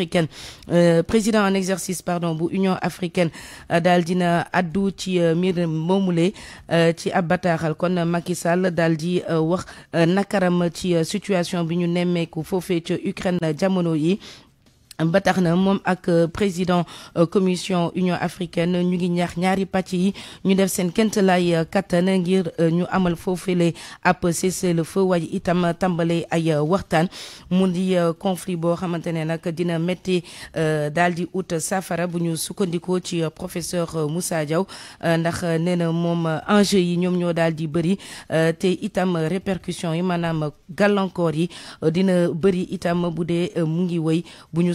Speaker 17: africaine euh, président en exercice pardon bu Union africaine euh, Daldina Adou addu ci euh, mbir moomule ci Daldi bataaxal kon nakaram ci situation bi ñu nemmeeku Ukraine jamono ba tax ak euh, président euh, commission union africaine ñu ngi Pati, ñaari patti ñu def seen kentalaay euh, kattan ngir ñu amal foofule ap le feu waji itam tambale ay waxtan mu di conflit bo xamantene nak dina metti daldi di ut safara bu ñu ci professeur Moussa Diaw ndax nee mom enjeu yi ñom ñoo te itam répercussions yi manam gàllankoor yi dina bëri itam bu mu ngi bu ñu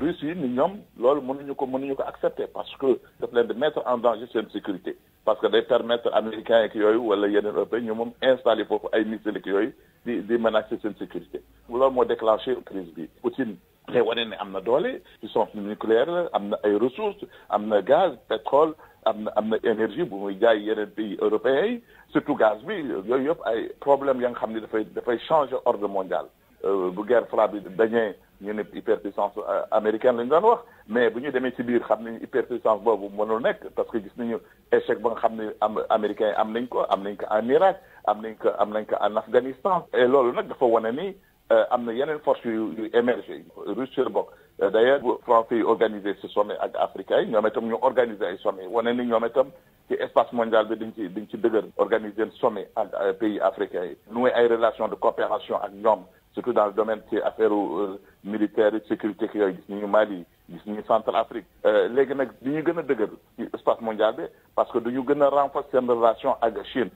Speaker 9: Russes yi ni ñoom loolu mënuñu ko mënuñu ko accepter parce que daf leen de mettre en danger sa sécurité parce que day permettre américains yeeg yooyu wala yeneen européens ñu moom installé foofu ay missiles ak yooyu di di menacer sa sécurité loolu mo déclencher crise bi Poutine tey wane né amna na ci sont nucléaire amna ay ressources amna gaz pétrole am na énergie bu muy jaay yeneen pays européens surtout gaz bi yooyu yëpp ay problème yang nga xam ne dafay dafay changer ordre mondial euh, bu guerre froide bi dañee ñu ne hyperpuissance euh, américaine la ñu doon wax mais bu ñu demee ci biir xam hyperpuissance boobu mënul nekk parce que gis nañu échec ba nga xam ne am am nañ ko am nañ ko en Irak am nañ ko am nañ ko en Afghanistan. et loolu nag dafa wane ni euh, am na yeneen force yu yu émergé Russie d'ailleurs bu français yi organisé ce sommet ak africains yi ñoom itam ñu organisé ay sommet wane ni ñoom itam ci espace mondial bi dañ ci dañ ci dëgër sommet ak pays africains yi nouer ay relation de coopération ak ñoom surtout dans le domaine militaires affaire militaire sécurité qui est au euh, Mali le centre Afrique euh, Nous avons mondial parce que nous avons renforcé nos relations avec la Chine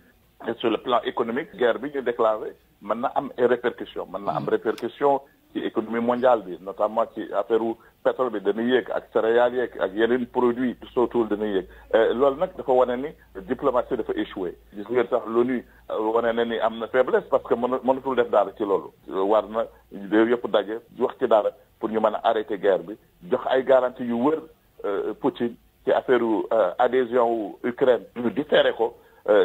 Speaker 9: et sur le plan économique guerre bi ñu déclaré y répercussions. Maintenant, Il y a des mm-hmm. répercussions sur l'économie mondiale notamment sur l'affaire pétrole bi dana yéeg ak céréales yeeg ak yeneen produits surtout dana yéeg eh, loolu nag dafa wane ni diplomatie dafa échoué gis nga tax l'ONU eh, wane na ni am na faiblesse parce que mën mënatul def dara ci loolu war na réew yëpp daje wax ci dara pour ñu mën a arrêter guerre bi jox ay garantie yu wër eh, Poutine ci affaire adhésion wu Ukraine ñu différé ko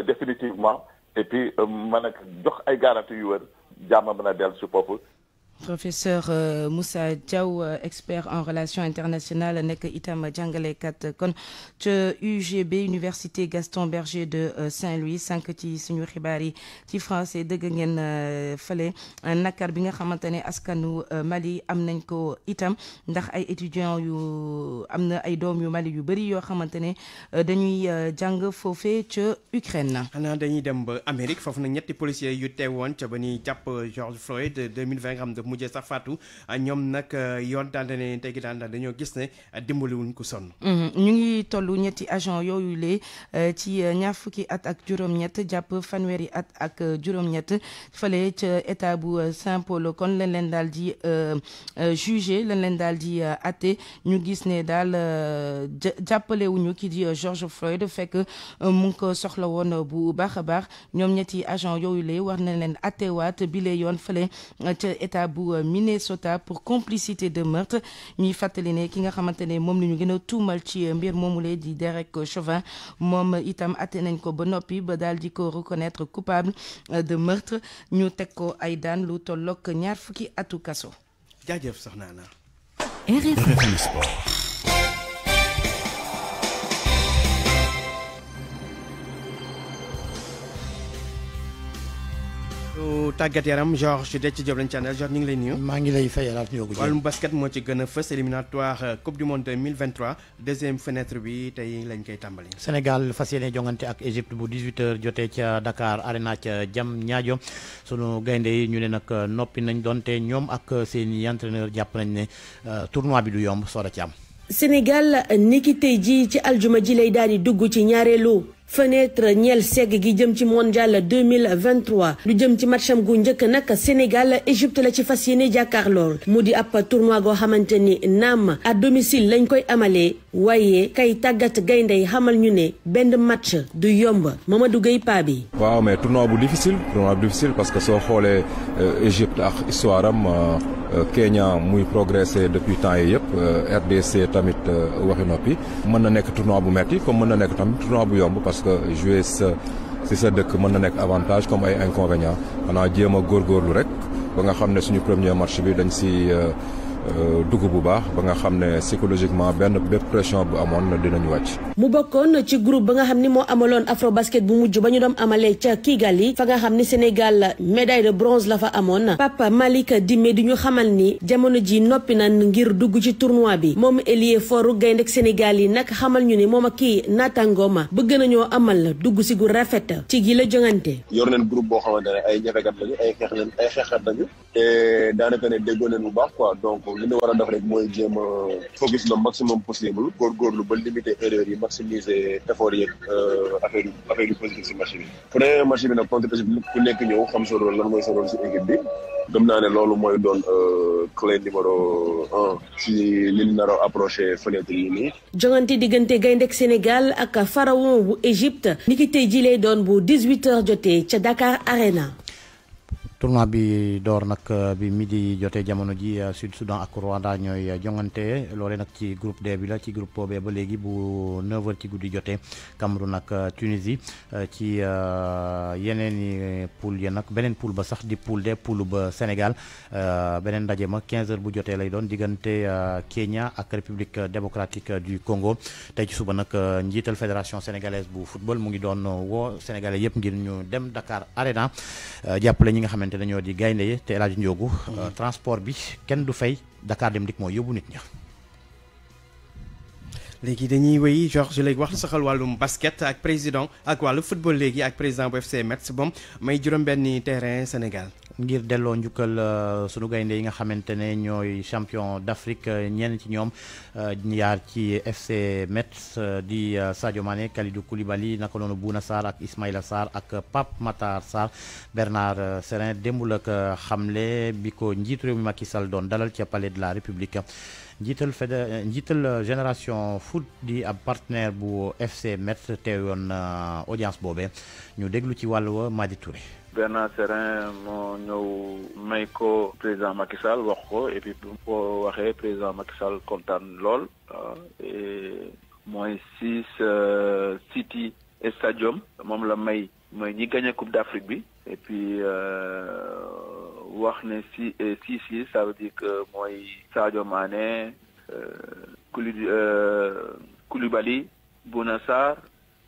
Speaker 9: définitivement et puis mën a jox ay garantie yu wër jàmm mën a dellu si foofu
Speaker 17: professeur euh, Moussa Diaw euh, expert en relations internationales Nek itam kat euh, kon UGB université Gaston Berger de Saint-Louis sànq ci suñu xibaar yi ci français dëgg ngeen fale nakar bi nga Mali Amnenko itam ndax ay étudiants yu Amne na ay doom yu Mali yu bëri yoo xamante dañuy jàng Fofé, Ukraine. xanaa dañuy dem
Speaker 1: ba Amérique foofu na ñetti policiers yu teewoon ca ba George Floyd 2020 de mujjee sax fatou ah, ñom nak ah, yoon dal da tégi dal dañu gis né ah, dimbali wuñ ko son
Speaker 17: mhm. ñu ngi tollu ñetti agent yoyu lé eh, ci eh, ñaar fukki at ak juroom ñett japp fanweeri at ak eh, juroom ñett fële ci état bu Saint-Paul kon lañ leen dal di juger lañ leen dal di até ñu gis né dal daal wuñu ki di George Floyd fekk mu ko soxla won bu baax a baax ñoom ñetti agent yoyu lé war na leen até waat bi lé yoon fële ci état bu bu euh, Minnesota pour complicité de meurtre ñi fàttali ne ki nga xamantene mom moom la ñu gën tuumal ci euh, mbir momulé di Derek Chauvin mom itam até nañ ko ba nopi ba dal di ko reconnaître coupable euh, de meurtre ñu tek ko ay daan lu tollok ñaar fukki atu kaso.
Speaker 1: jaajëf soxna na RFM Sport. wàllu tàggat yaram Georges Dethié Diop lañ ci àndal Georges ñu ngi lay nuyu. maa ngi lay fay alaaf ñu yokku wàllum basket moo ci gën a fës éliminatoire euh, coupe du monde 2023 deuxième fenêtre bi tey lañ koy tàmbali.
Speaker 18: Sénégal fas yéene jongante ak Égypte bu 18h jotee ca Dakar Arena ca jam ñaajo sunu gaynde ñu ne nag euh, noppi nañ donte ñoom ak euh, seen i jàpp nañ ne tournoi bi du yomb soora ci am.
Speaker 6: Sénégal niki tey ci aljuma ji lay daal dugg ci ñaareelu. fenêtre ñeel segg gi jëm ci mondial 2023 lu jëm ci matcham gu njëkk nag Sénégal Égypte la ci fas yéene jàkkaarlool mu di ab tournoi goo xamante ni naam à domicile lañ koy amalee waaye kay tàggat gaynde yi xamal ñu ne benn match du yomb Mamadou Gueye paa bi.
Speaker 16: waaw mais tournoi bu difficile tournoi bu difficile parce que soo xoolee euh, Égypte ak histoire euh, Euh, Kenya muy progressé depuis temps et yep RDC tamit euh, waxi nopi mën na nekk tournoi bu metti comme mën na nekk tamit tournoi bu yomb parce que jouer ce si sa dëkk mën na nekk avantage comme ay inconvénients xanaa jéem a góorgóorlu rek ba nga xam ne suñu premier match bi dañ si euh, Euh, dugg bu baax ba nga xam ne psychologiquement benn bépp pression bu amoon na ñu wàcc.
Speaker 6: mu bokkoon na ci group ba nga xam ni moo amaloon afro basket bu mujj ba ñu doon amalee ca yi fa nga xam ni Sénégal médaille de bronze la fa amoon Papa Malick Dime di ñu xamal ni jamono ji noppi na ngir dugg ci tournoi bi moom Elie Foru gaynde Sénégal yi nag xamal ñu ni moom ak kii naataangooma bëgg nañoo amal na dugg si gu rafet ci gi la jongante.
Speaker 12: yor nañ groupe boo xamante ne ay ñebekat ay xeex lañu ay te daanaka ne déggoo
Speaker 7: neen bu baax quoi donc li ñu war a def rek mooy jéem foo gis le maximum possible góorgóorlu ba limiter erreur yi maximiser effort yeeg euh, affaire yu affaire yu positif si match bi. premier match
Speaker 9: bi nag contre Égypte ku nekk ñëw xam sa rôle lan mooy bi gëm naa ne loolu mooy doon euh,
Speaker 12: clé numéro un si li ñu nar a approché fenêtre yi nii.
Speaker 6: jongante diggante gayndeek Sénégal ak pharaon bu Égypte niki tey jii lay doon bu huit h jotee ca Dakar Arena.
Speaker 18: tournoi bi door nag euh, bi midi jotee jamono ji euh, Sud Soudan ak Rwanda ñooy euh, jongante loolee nag ci groupe D bi la ci groupe boobee ba léegi bu 9h ci guddi jotee Cameroun ak Tunisie ci yeneen i poule ya nag beneen poule ba sax di poule D poule ba Sénégal beneen ndaje ma 15h bu jotee lay doon diggante Kenya ak République démocratique du Congo tey ci suba nag njiital fédération sénégalaise bu football mu ngi doon woo sénégalais yëpp ngir ñu dem Dakar Arena xamante ne di gaynde yi te El Hadj Ndiogou euh, mm. transport bi kenn du fay Dakar dem dik mooy yóbbu nit ña.
Speaker 1: léegi dañuy wéy Georges léegi wax na saxal wàllum basket ak président ak wàllu football léegi ak président bu FC Metz bom may juróom-benni terrain Sénégal
Speaker 18: ngir delo njukkal euh, sunu gaynde yi nga xamantene ñoy champion d'Afrique euh, ñen ci ñom ñaar euh, ci FC Metz di Sadio Mané Kalidou Koulibaly naka noonu Bouna Sarr ak Ismaïla Sar ak Pape Matar Sar Bernard Serin dembul ak ko xamle bi ko mi Macky Sall don dalal ci palais de la République njiital fed njiital génération foot di ab partenaire bu FC Metz teewoon audience bobé ñu déglu ci walu Madi Touré
Speaker 9: Bernard Serin moo ñëw may ko président Macky wax ko et puis bu mu ko waxee président Macky Sall kontaan lool waaw mooy six euh, City Stadium moom la may mooy ñi gagné coupe d'Afrique bi et puis euh, wax ne si six yi ça veut dire que mooy Sadio Mané euh, Koulibaly Bouna Sarr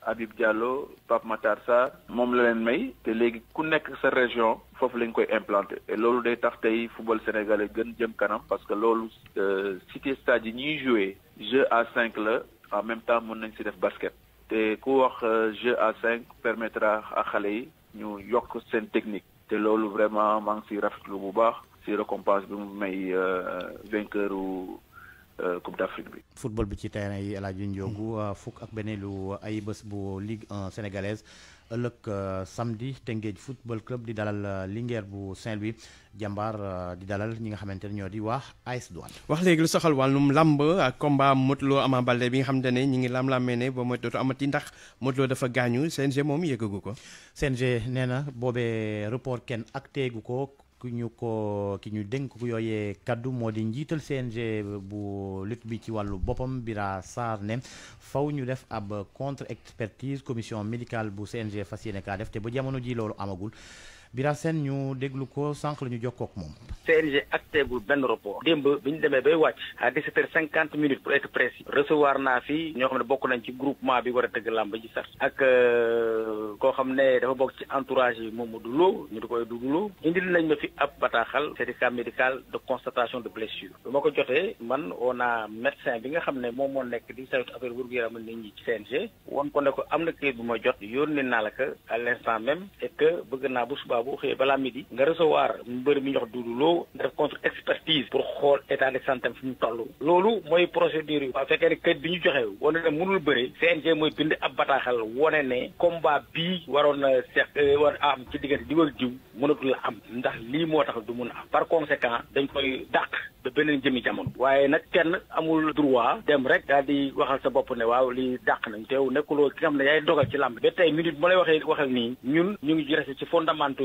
Speaker 9: Habib Diallo Pape Matar Sarr moom la leen may te léegi ku nekk sa région foofu lañ koy implanté et loolu day tax tey football sénégalais gën jëm kanam parce que loolu euh, cité stade ni ñuy joué jeu à cinq la en même temps mën nañ si def basket te ku wax euh, jeu à cinq permettra à xale yi ñu yok sen technique te loolu vraiment maa ngi si rafetlu bu baax si récompense bi mu may euh, vainqueur u Euh, coupe d'Afrique bi.
Speaker 18: football bi ci terrain yi El Hadj Ndiogou hmm. euh, fukk ak beneen lu ay bés bu Ligue 1 sénégalaise ëllëg euh, samedi Tëngéej football club di dalal Linguère bu Saint-Louis jàmbaar di dalal ñi nga xamante ne ñoo di wax AS Douane.
Speaker 1: wax léegi lu soxal wàllum làmb ak combat Modou Ama Baldé bi nga xamante ne ñi
Speaker 18: ngi lam-lammee ne ba amati ndax Modou dafa gaañu CNG moom yëgagu ko. CNG nee na boobee report kenn ak gu ko. ku ñu ko ki ñu dénk yooyee kàddu moo di njiital CNG bu lutte bi ci wàllu boppam Bira Sarr ne faw ñu def ab contre expertise commission médicale bu CNG fas yéene kaa def te ba jamono ji loolu amagul Bira Sène ñu déglu ko sànq la ñu jokkook moom.
Speaker 7: CNG acté gul benn rapport. démb bi ñu demee bay wàcc. à 17h50 minutes pour être précis. recevoir naa fi ñoo xam ne bokk nañ ci groupement bi war a tëgg làmb ji sax. ak euh, koo xam ne dafa bokk ci entourage yi Mamadou Lo ñu di koy dugaloo. indil nañ ma fi ab bataaxal. certificat médical de constatation de blessure. bu ma ko jotee man on a médecin bi nga xam ne moom moo nekk di saytu affaire wér-gu-yaram nit ñi ci CNG. won ko ne ko am na kayit bu ma jot. yónnee naa la ko à l'instant même. et que bëgg naa bu subaa bu xëyee balaa midi nga recevoir mbër mi ñox dudu loo def contre expertise pour xool état de santé fi mu toll loolu mooy procédure yi waaw fekkee ne kayit bi ñu joxe wane ne mënul bëre CNG mooy bind ab bataaxal wane ne combat bii waroon na seq euh, war am ci diggante diwal jiw mënatul am ndax lii moo tax du mun par conséquent dañ koy dàq ba beneen jëmi jamono waaye nag kenn amul droit dem rek daal di waxal sa bopp ne waaw lii dàq nañ teew nekkuloo ki nga xam ne yaay dogal ci làmb ba tey minute ma lay waxee waxal nii ñun ñu ngi resté ci fondamentaux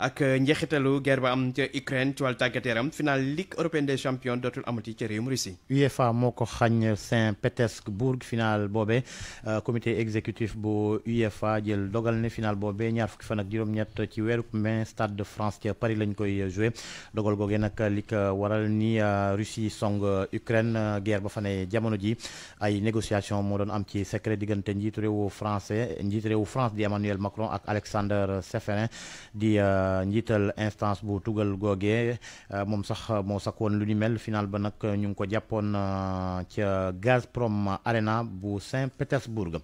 Speaker 1: ak njeexitalu guerre ba am ci Ukraine ci wal tàggat final Ligue européenne des champions dotul amati ci réewum Russie.
Speaker 18: UEFA moko xagn Saint-Pétersbourg final bobé euh, comité exécutif bu UEFA jël dogal né final bobé ñaar fukki fan ak juróom-ñett ci wéru mai stade de France ci Paris lañ koy jouer dogal gogé nak li waral ni euh, Russie song euh, Ukraine guerre ba fa ne jamono ji ay négociation mo doon am ci secret diggante njiitu réewu français njiitu réewu France di Emmanuel Macron ak Alexandre Sepharin di njiital instance bu tugal goge euh, mom sax mo sakkoon lu ni mel final ba nak ñu ko japon euh, ci Gazprom Arena bu saint Petersburg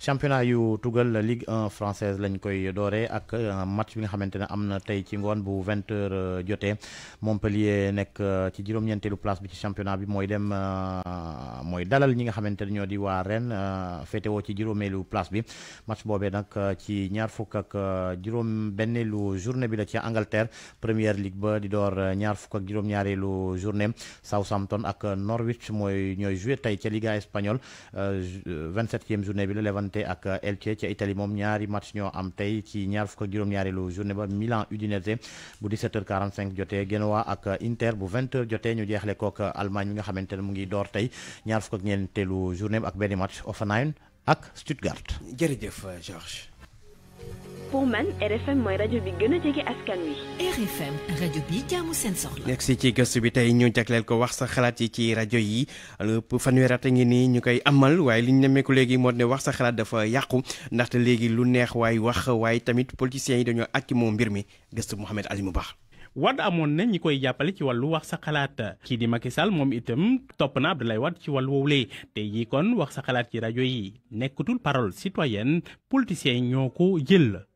Speaker 18: championnat yu tugal Ligue 1 française lañ koy doré ak euh, match bi nga xamantene amna tay ci ngoon bu 20 h jotee Montpellier nek ci juróom ñentelu place bi ci championnat bi moy dem moy dalal ñi nga xamantene ne ñoo di waa Rennes féetewoo ci juróomeelu place bi match boobee nak ci ñaar fuk ak juróom bennelu journée journée bi la ci Angleterre première ligue ba di door euh, ñaar fuk ak juróom-ñaareelu journée Southampton ak euh, Norwich moy ñoy jouer tay ci Liga espagnole 27e euh, journée bi le Levante ak Elche ci Italie mom ñaari match ñoo am tay ci ñaar fuk ak juróom-ñaareelu journée ba Milan Udinese bu 17h45 jotee Genoa ak Inter bu 20h jotee ñu jeexle kook Allemagne mi nga xamantene mu ngi door tay ñaar fuk ak ñeenteelu journée ak benn match Offenheim ak Stuttgart. jërëjëf Georges.
Speaker 3: pour man RFM mooy rajo bi gën a jege askan wi. RFM rajo bi jaamu seen soxla.
Speaker 1: nekk si ci gëstu bi tey ñu jagleel ko wax sa xalaat yi ci rajo yi lu ëpp fanweeri at a ngi nii ñu koy amal waaye li ñu nemmeeku léegi moo ne wax sa xalaat dafa yàqu ndaxte léegi lu neex waaye wax waaye tamit politiciens yi dañoo àcc moo
Speaker 14: mbir mi gëstu Mouhamed Alimou Ba. Wade amoon na ñi koy jàppale ci wàllu wax sa xalaat kii di Macky Sall moom itam topp na Abdoulaye Wade ci wàllu woowulee te jii kon wax sa xalaat ci rajo yi nekkatul parole citoyenne politiciens ñoo ko jël. la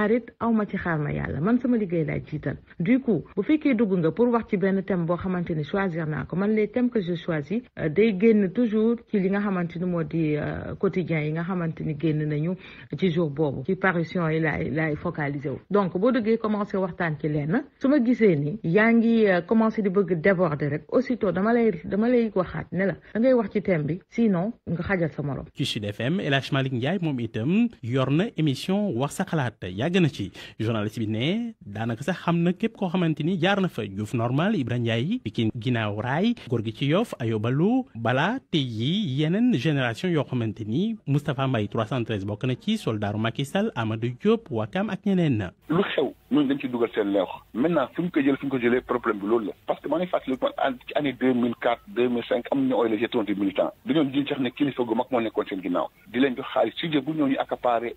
Speaker 19: xarit aw ma ci xaar ma yàlla man sama liggéey laay jiital du coup bu fekkee dugg nga pour wax ci benn thème boo xamante ni choisir naa ko man les thèmes que je choisis euh, day génn toujours ci li nga xamante ni moo di euh, quotidien yi nga xamante ni génn nañu ci jour boobu ci parution yi laay laay focaliser wu donc boo duggee commencé waxtaan ci lenn su ma gisee ni yaa ngi euh, commencé di bëgg déborder rek aussitôt dama lay dama lay waxaat ne la da ngay wax ci thème bi sinon nga xajal sa morom
Speaker 14: ci Sud FM El Hadj Malick Ndiaye moom itam yor na émission wax sa xalaat yàgg na ci journaliste bi ne daanaka sax xam na képp koo xamante ni jaar na fa Diouf normal Ibra Ndiaye Pikine ginnaaw raay góor gi ci Yoff Ayobalu bala te yi yeneen génération yoo xamante ni Moustapha Mbaye 313 bokk na ci soldaaru Macky Sall Amadou Diop Wakam ak ñeneen na lu xew
Speaker 20: ñooñu
Speaker 9: dañ ci dugal seen leew maintenant fu ñu ko jël fu ñu ko jëlee problème bi loolu la parce que maa ngi fàttali ko ci année deux mille quatre deux mille cinq am na ooy la gestion des militants dañoo jiñ sax ne kilifa gu mag moo nekkoon seen ginnaaw di leen jox xaalis sujet bu ñëw ñu accaparé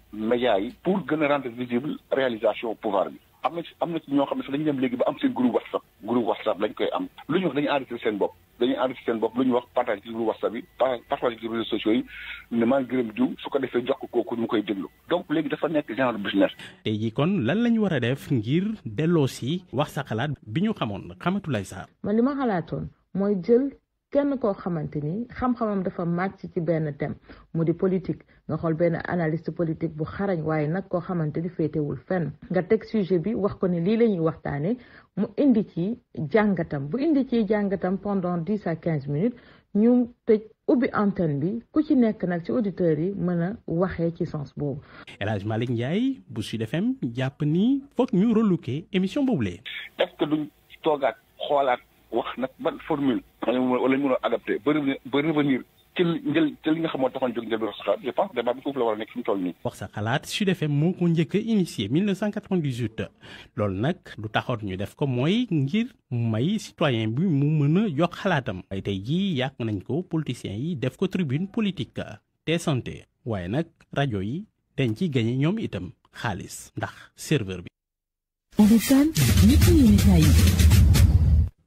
Speaker 9: pour gën a rendre visible réalisation pouvoir bi am na ci am na ci ñoo xam ne sax dañuy dem léegi ba am seen groupe whatsapp groupe whatsapp lañ koy am lu ñu wax dañuy enregistré seen bopp dañuy enregistré seen bopp lu ñu wax partage ci groupe whatsapp yi partage ci sociaux yi ne maa ngi diw su ko defee jox kooku mu koy déglu donc léegi dafa nekk genre business.
Speaker 14: tey jii kon lan la ñu war a def ngir delloo si wax sa xalaat bi ñu xamoon xamatu lay saar.
Speaker 19: man li ma xalaatoon mooy jël kenn koo xamante ni xam-xamam dafa màcc ci benn thème mu di politique nga xool benn analyste politique bu xarañ waaye nag koo xamante ni féetewul fenn nga teg sujet bi wax ko ne lii la ñuy waxtaane mu indi ci jàngatam bu indi ci jàngatam pendant dix à quinze minutes ñu tëj ubbi antenne bi ku ci nekk nag ci auditeurs yi mën a
Speaker 14: waxee ci sens boobu. El Hadj Malick Ndiaye bu Sud FM jàpp ni foog ñu relouquer émission boobu lee.
Speaker 9: est-ce que duñ toogaat xoolaat wax nag ban formule la a adapté revenir ci li nga je
Speaker 14: pense a wax sa 1998 loolu nag lu ñu def ko mooy ngir may citoyen bi mu mën a yokk xalaatam. waaye tey nañ ko politiciens tribune politique te santé waaye nag rajo yi dañ ci gagné ñoom itam xaalis ndax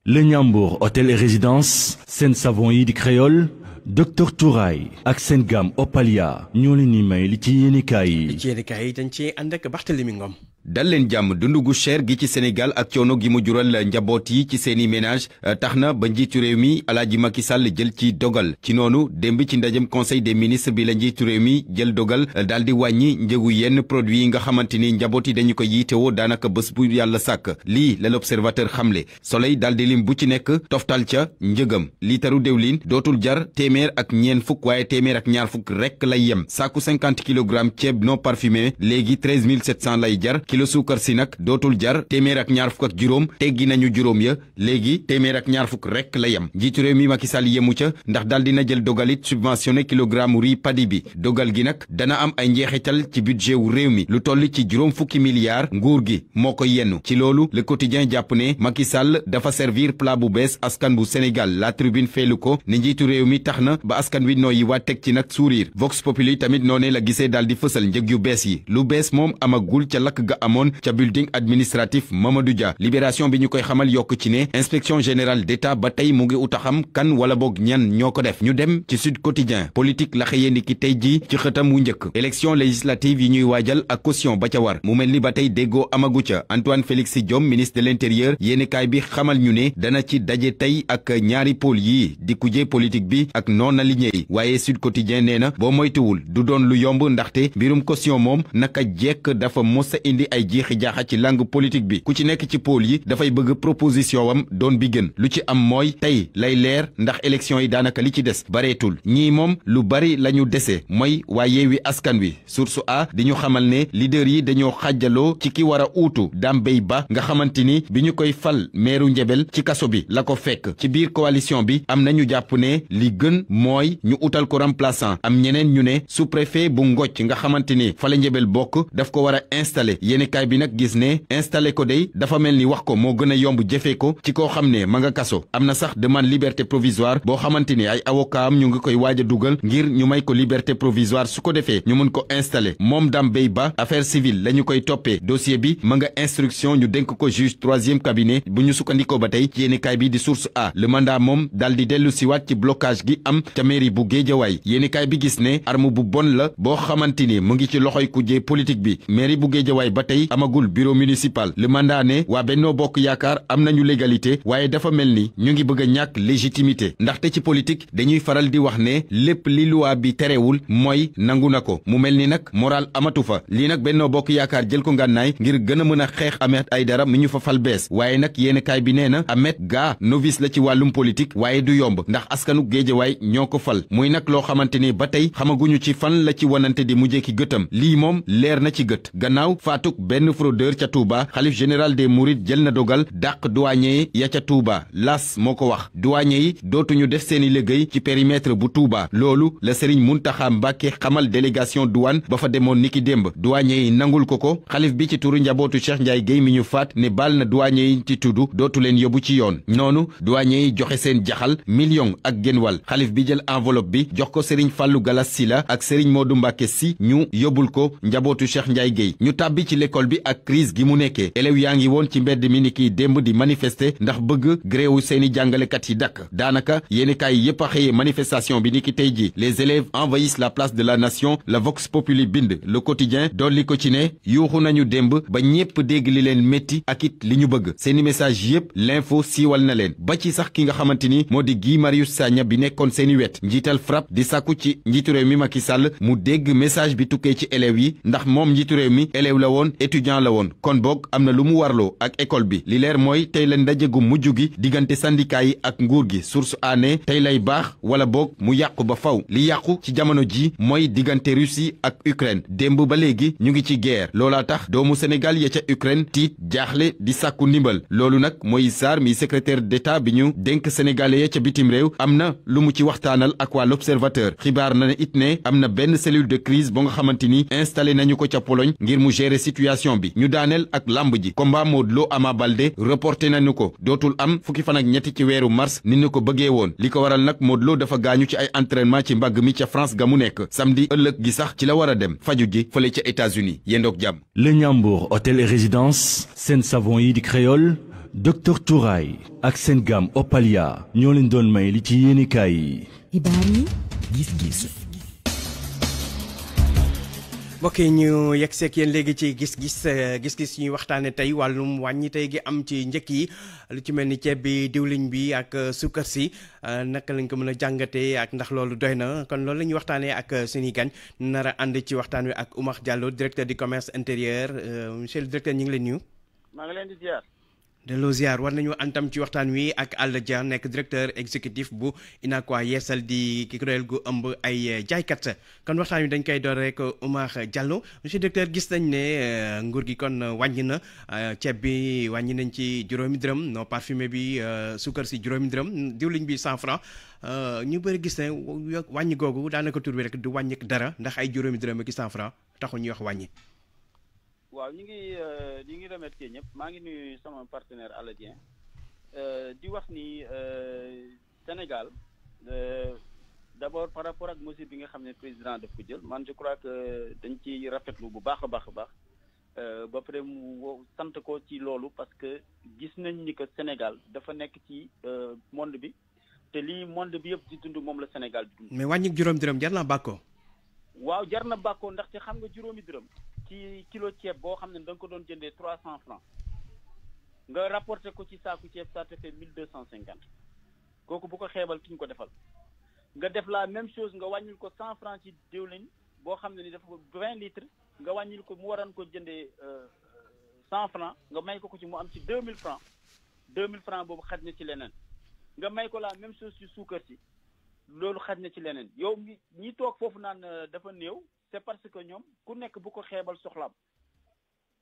Speaker 10: Le Ñambour hôtel et résidence seen savon yi di créole docteur Touray ak seen gamme Opalia ñoo leen ni may li ci yéenekaay yi. li ci yéenekaay yi dañ ci ànd ak Barthélémy Ngom dal leen jàmm dund gu
Speaker 13: cher gi ci Sénégal ak coono gi mu jural njaboot yi ci seeni ménage euh, tax na ba njiitu réew mi alaaji Macky Sall jël ci dogal ci noonu démb ci ndajam conseil des ministre bi la njiitu réew mi jël dogal euh, daal di wàññi njëgu yenn produit yi nga xamante ni njaboot yi dañu ko yiitewoo daanaka bés bu yàlla sàkk lii la l'observateur xamle soleil daal di lim bu ci nekk toftal ca njëgam liitaru déwlin dootul jar téeméer ak ñeen fukk waaye téeméer ak ñaar fukk rekk lay yem saaku 50 kilogramme ceeb non parfumé léegi 13700 lay jar kilo suukar si nag dootul jar téeméer ak ñaar fukk ak juróom teggi nañu juróom ya léegi téeméer ak ñaar fukk rekk la yem njiitu réew mi Macky Sall yemu ca ndax daal na jël dogalit subventionné kilogramme riz paddy bi dogal gi nag dana am ay njeexital ci budget wu réew mi lu toll ci juróom fukki milliards nguur gi moo ko yennu ci loolu le quotidien jàpp ne Macky Sall dafa servir plat bu bees askan bu Sénégal la tribune feelu ko ne njiitu réew mi tax na ba askan wi nooyi waa teg ci nag sourire vox populi tamit noonee la gisee daal di fësal njëg yu bees yi lu bees moom amagul ca Amon, ci building administratif Mamadou Dia libération bi ñu koy xamal inspection générale d'État ba tey mu kan wala Nyan ñan ñoko def ñu dem ci Sud Quotidien politique la xeyeni ki tay ji ci xëtam wu élection législative yi ñuy wajal ak caution ba ca war mu Antoine Félix Sidjom, ministre de l'intérieur yene bi xamal ñu ne dana ci dajé tay ak ñaari pôle Yi, politique bi ak non aligné yi Sud Quotidien Nena, bo moytuul du doon lu yomb ndaxte birum caution naka Jek dafa indi bëri ay jiixi jaaxa ci langue politique bi ku ci nekk ci pôle yi dafay bëgg proposition wam doon bi gën lu ci am mooy tey lay leer ndax élection yi daanaka li ci des bareetul ñii moom lu bari la ñu dese mooy waa Yewwi Askan Wi source a di ñu xamal ne leader yi dañoo xàjjaloo ci ki war a uutu Dame Mbaye Ba nga xamante ni bi ñu koy fal meeru njëbeel ci kaso bi la ko fekk ci biir coalition bi am na ñu jàpp ne li gën mooy ñu utal ko remplaçant am ñeneen ñu ne sous-préfet bu nga xamante ni yéenekaay bi nag gis ne installé ko dey dafa mel ni wax ko moo gën a yomb jëfee ko ci koo xam ne ma nga kaso am na sax demande liberté provisoire boo xamante ne ay avocat am ñu ngi koy waaj a dugal ngir ñu may ko liberté provisoire su ko defee ñu mun ko installé moom Dame Beye Ba affaire civile la ñu koy toppee dossier bi ma nga instruction ñu dénk ko juge troisième cabinet bu ñu sukkandikoo ba tey ci yéenekaay bi di source a le mandat moom daal di dellu siwaat ci blocage gi am ca mairie bu Géejawaay yéenekaay bi gis ne arme bu bon la boo xamante ni mu ngi ci loxoy kujjee bi tey amagul bureau municipal le mandat ne waa Benno Bokk Yaakaar am nañu légalité waaye dafa mel ni ñu ngi bëgg a ñàkk légitimité ndaxte ci politique dañuy faral di wax ne lépp li loi bi terewul mooy nangu na ko mu mel ni nag moral amatu fa lii nag Benno Bokk Yaakaar jël ko ngànnaay ngir gën a mën a xeex ay dara mu ñu fa fal bees waaye nag yéen kaay bi nee na Ahmed gaa novice la ci wàllum politique waaye du yomb ndax askanu géejawaay ñoo ko fal muy nag loo xamante ni ba tey xamaguñu ci fan la ci wanante di mujjee ki gëtam lii moom leer na ci gët benn fraudeur ca Touba xalif général des Mourides jël na dogal dàq douanier ya ca Touba las moo ko wax douanier yi dootuñu def seeni liggéey ci périmètre bu Touba loolu la Serigne Mountakha Mbacké xamal délégation douane ba fa demoon niki démb douanier yi nangul ko ko xalif bi ci turu njabootu Cheikh Ndiaye Guèye mi ñu faat ni baal na douanier yi ci tudd dootu leen yóbbu ci yoon noonu douanier yi joxe seen jaxal million ak genwal xalif bi jël enveloppe bi jox ko sëriñ Fallou Galas la ak Serigne Modou Mbacké si ñu yóbbul ko njabootu Cheikh Ndiaye l'école bi ak crise gi mu nekkee élèves yaa won ci mbedd mi ni demb di manifester ndax bëgg gréewu seeni kat yi danaka yene kay yépp a manifestation bi niki ki ji les élèves envahissent la place de la nation la vox populi bind le quotidien dolli ko ci né yuuxu nañu demb ba ñépp dégg li leen metti ak it li ñu bëgg seeni message yépp l'info siwal na leen ba ci sax ki nga xamante modi Guy Marius Sagna bi nekkon seeni wet njital FRAPP di sàkku ci njiitu réew mi Macky Sall mu dégg message bi tukkee ci élèves yi ndax mom njiitu réew mi élève la won étudiant la woon kon boog am na lu mu warloo ak école bi li leer mooy tey la ndaje gu mujj gi diggante syndicat yi ak nguur gi source aané tey lay baax wala boog mu yàqu ba faw li yàqu ci jamono ji mooy diggante Russie ak Ukraine démb ba léegi ñu ngi ci guerre loolaa tax doomu Sénégal ya ca Ukraine tiit jaaxle di sàkku ndimbal loolu nag mooy Sarr mi secrétaire d'état bi ñu denk sénégalais ya ca bitim réew am na lu mu ci waxtaanal ak waa l'observateur xibaar na ne it am na benn cellule de crise ba nga xamante ni installé nañu ko ca Pologne ngir mu gérer situation situation bi ñu daanel ak lamb ji combat Modou Lo Ama balde reporté nañu ko am fukki fan ak ñetti ci wéru mars ni ñu ko bëggee woon li waral nak Modou Lo dafa gañu ci ay entraînement ci mbag mi ci France gamu nek samedi ëlëk gi sax ci la wara dem faju ji fële ci États-Unis yendok jam
Speaker 10: le nyambour hôtel et résidence seine savon yi di créole docteur Touray ak gam Opalia ñoo leen doon may li ci yéenekaay yi. gis-gis.
Speaker 1: mbokk yi ñu yegg seeg léegi ci gis-gis euh, gis-gis ñuy waxtaane tey wàllum wàññi tey gi am ci njëkk yi lu ci mel ni ceeb bi diwlin bi ak euh, suukar si euh, naka lañ ko mën a jàngatee ak ndax loolu doy na kon loolu la ñuy waxtaanee ak suñuy gan nar a ànd ci waxtaan wi ak Oumar Diallo directeur di commerce intérieur monsieur le directeur ñu ngi leen nuyu. delloo ziar war nañu antam ci waxtaan wi ak Alla Dia nekk directeur exécutif bu UNACOIS Yeesal di kuréel gu ëmb ay jaaykat kon waxtaan wi dañ koy door rek Oumar Diallo monsieur directeur gis nañ ne euh, nguur gi kon wàññi na euh, ceeb bi wàññi nañ ci juróomi dërëm non parfumé bi euh, suukar si juróomi dërëm diwlin bi cent franc ñu bëri gis ne wàññi googu daanaka tur bi rek du wàññik dara ndax ay juróomi dërëm ak i cent franc taxu ñuy wax wàññi.
Speaker 7: waaw ñu ngi euh, ñu ngi remercier ñëpp maa ngi nuyu sama partenaire Aladien euh, di wax ni euh, Sénégal d' abord par rapport ak mesure bi nga xam ne président daf ko jël man je crois que dañ ci rafetlu bu baax a baax a baax ba pare mu sant ko ci loolu parce que gis nañ ni que Sénégal dafa nekk ci monde bi te lii monde bi yëpp di dund moom la Sénégal di dund. mais
Speaker 1: wàññi juróom dërëm jar naa bàkkoo.
Speaker 7: waaw jar na ndaxte xam nga juróomi dërëm. ci kilo ceeb boo xam ne da nga ko doon jëndee trois cent franc nga rapporté ko ci saaku ceeb ça te fait mille deux cent cinquante kooku bu ko xeebal ki ko defal nga def la même chose nga wàññil ko cent franc ci diwlin boo xam ne ni dafa vingt litres nga wàññil ko mu waran ko jëndee euh, cent franc nga may ko ko ci mu am ci deux mille franc deux mille franc boobu xaj na ci leneen nga may ko la même chose ci suukar si loolu xaj na ci leneen yow ñi toog foofu naan euh, dafa néew c'est parce que ñoom ku nekk bu ko xeebal soxlaam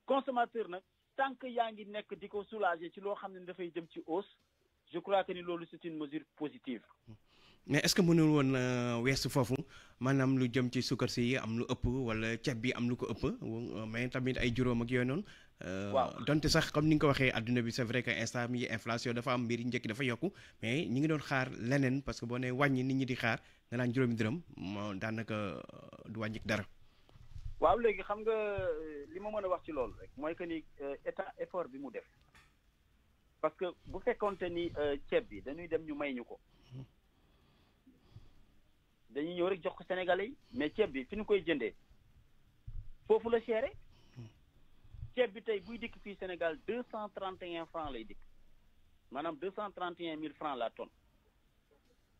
Speaker 7: consommateur nag tant que yaa ngi nekk di ko soulager ci loo xam ne dafay jëm ci hausse je crois que ni loolu c'est une mesure positive.
Speaker 1: mais est-ce que mënul woon euh, weesu foofu maanaam lu jëm ci sukkar si am lu ëpp wala ceeb bi am lu ko ëpp mais tamit ay juróom ak yooyu noonu. Euh, waaw donte sax comme ni nga ko waxee adduna bi c'est vrai que instant mi inflation dafa am mbir njëkk dafa yokku mais ñi ngi doon xaar leneen parce que boo nee wàññi nit ñi di xaar nga naan juróomi dërëm moo daanaka euh, du wàññi dara.
Speaker 7: waaw léegi xam nga euh, li ma mën a wax ci loolu rek mooy que ni euh, état effort bi mu def parce que bu fekkonte ni ceeb bi dañuy dem ñu may ñu ko. dañuy ñëw rek jox ko Sénégalais yi mais ceeb bi fi ñu koy jëndee foofu la chéré ceeb bi tey buy dikk fii Sénégal deux cent trente et un franc lay dikk maanaam deux cent trente et un mille franc la tonne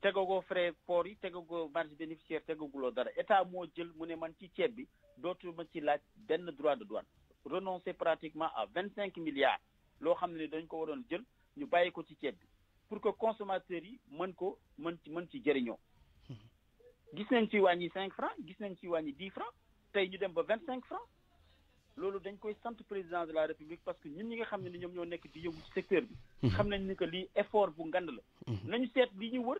Speaker 7: tegagoo frais port yi tegagoo marge bénéficiaire tegaguloo dara état moo jël mu ne man ci ceeb bi ma ci laaj benn droit de douane renoncé pratiquement à vingt cinq milliards loo xam ne dañ ko waroon jël ñu bàyyi ko ci ceeb bi pour que consommateurs yi mën ko mën ci mën ci jëriñoo gis nañ ci wàññi cinq francs gis nañ ci wàññi dix francs tey ñu dem ba vingt cinq francs loolu dañ koy sant président de la république parce que ñun ñi nga xam ne ñoom ñoo nekk di yëngu ci secteur bi hum. xam nañ ni que lii effort bu ngand la hum. nañu seet li ñu wër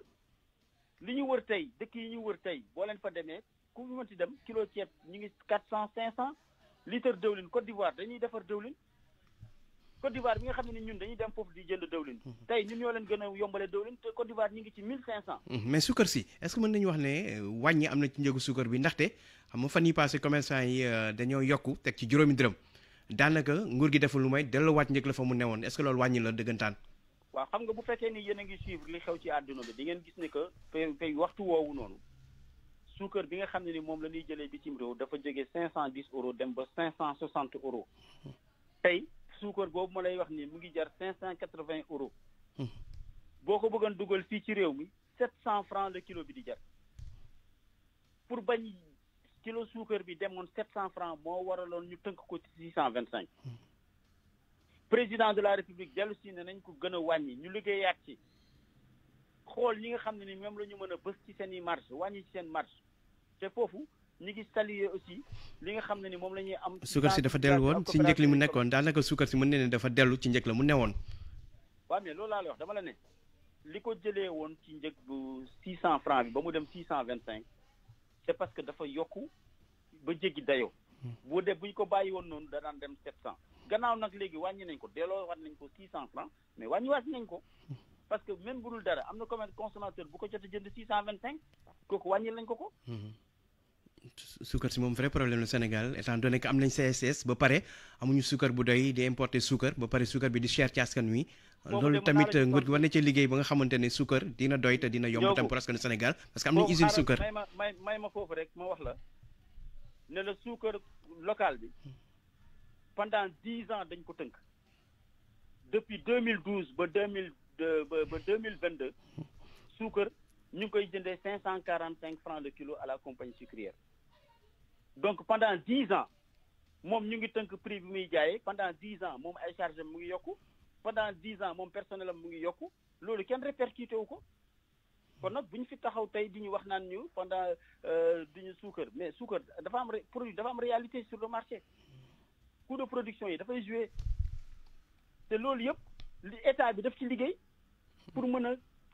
Speaker 7: li ñu wër tey dëkk yi ñu wër tey boo leen fa demee ku mu mënti dem kilo ceeb ñu ngi quatre cent cinq cent litre dëwlin Côte d'Ivoire dañuy defar dëwlin Côte d'Ivoire bi nga xam ne ñun dañuy dem foofu di jënd dëwlin mhm. tey ñun ñoo leen gën a yombale dëwlin te Côte d'Ivoire ñu ngi ci mille cinq
Speaker 1: cent mhm. mais suukar si est-ce que mën nañu wax ne euh, wàññi am na ci njëgu suukar bi ndaxte xam fa fan yi passé euh, yi dañoo yokku teg ci juróomi dërëm daanaka nguur gi deful lu may delluwaat njëg la fa mu newoon est-ce
Speaker 7: waaw xam nga bu fekkee ni yéen a ngi suivre li xew ci àdduna bi di ngeen gis ne que tey waxtu woowu noonu suukar bi nga xam ne ni moom la ñuy jëlee bi bitim réew dafa jóge cinq cent dix euros dem ba cinq cent soixante euros tey suukar boobu ma lay wax ni mu ngi jar cinq cent quatre vingt euros boo ko bëggoon dugal fii ci réew mi sept cent francs la kilo bi di jar pour bañ kilo suukar bi demoon sept cent francs moo waraloon ñu tënk ko ci six cent vingt cinq président de la république dellu si ne nañ ko gën a wàññi ñu liggéeyaat ci xool ñi nga xam ne ni ñoom la ñu mën a bës ci seen i marge wàññi ci seen marche te foofu ñi ngi saluer aussi li nga xam ne ni moom la ñuy am. sukar si dafa dellu woon si njëkk li mu nekkoon
Speaker 1: daanaka suukar si mën ne ne dafa dellu ci njëkk la mu newoon.
Speaker 7: waaw mais loolu laa la wax dama la ne li ko jëlee woon ci njëg bu 600 francs bi ba mu dem 625 c'est parce que dafa yokku ba jéggi dayoo. bu dee bu ñu ko bàyyi woon noonu dara dem sept cent gannaaw nag léegi wàññi nañ ko delloo waat nañ ko six cent franc mais wàññi waat nañ ko parce que même bu dul dara am na commerce consommateur bu ko jot a jënd six cent vingt cinq kooku wàññi lañ ko ko
Speaker 1: mhm. suukar si moom vrai problème la Sénégal étant donné que am nañ CSS ba pare amuñu suukar bu doy di importer suukar ba pare suukar bi di cher ci askan loolu tamit nguur gi war na ci liggéey ba nga xamante ne suukar dina doy te dina yomb tam pour askan Sénégal parce que am
Speaker 7: ma may ma foofu rek ma wax la le sucre local pendant 10 ans depuis 2012 2022, le ba 2022 sucre ñu jëndé 545 francs le kilo à la compagnie sucrière donc pendant 10 ans mom ñu ngi teunk prix pendant 10 ans mom ay chargé. mu ngi pendant 10 ans mom personnel mu ngi yokku lolu kenn répercuté wu ko kon nag bu ñu fi taxaw pendant mais dafa am réalité sur le marché coût de production yi joué li état bi pour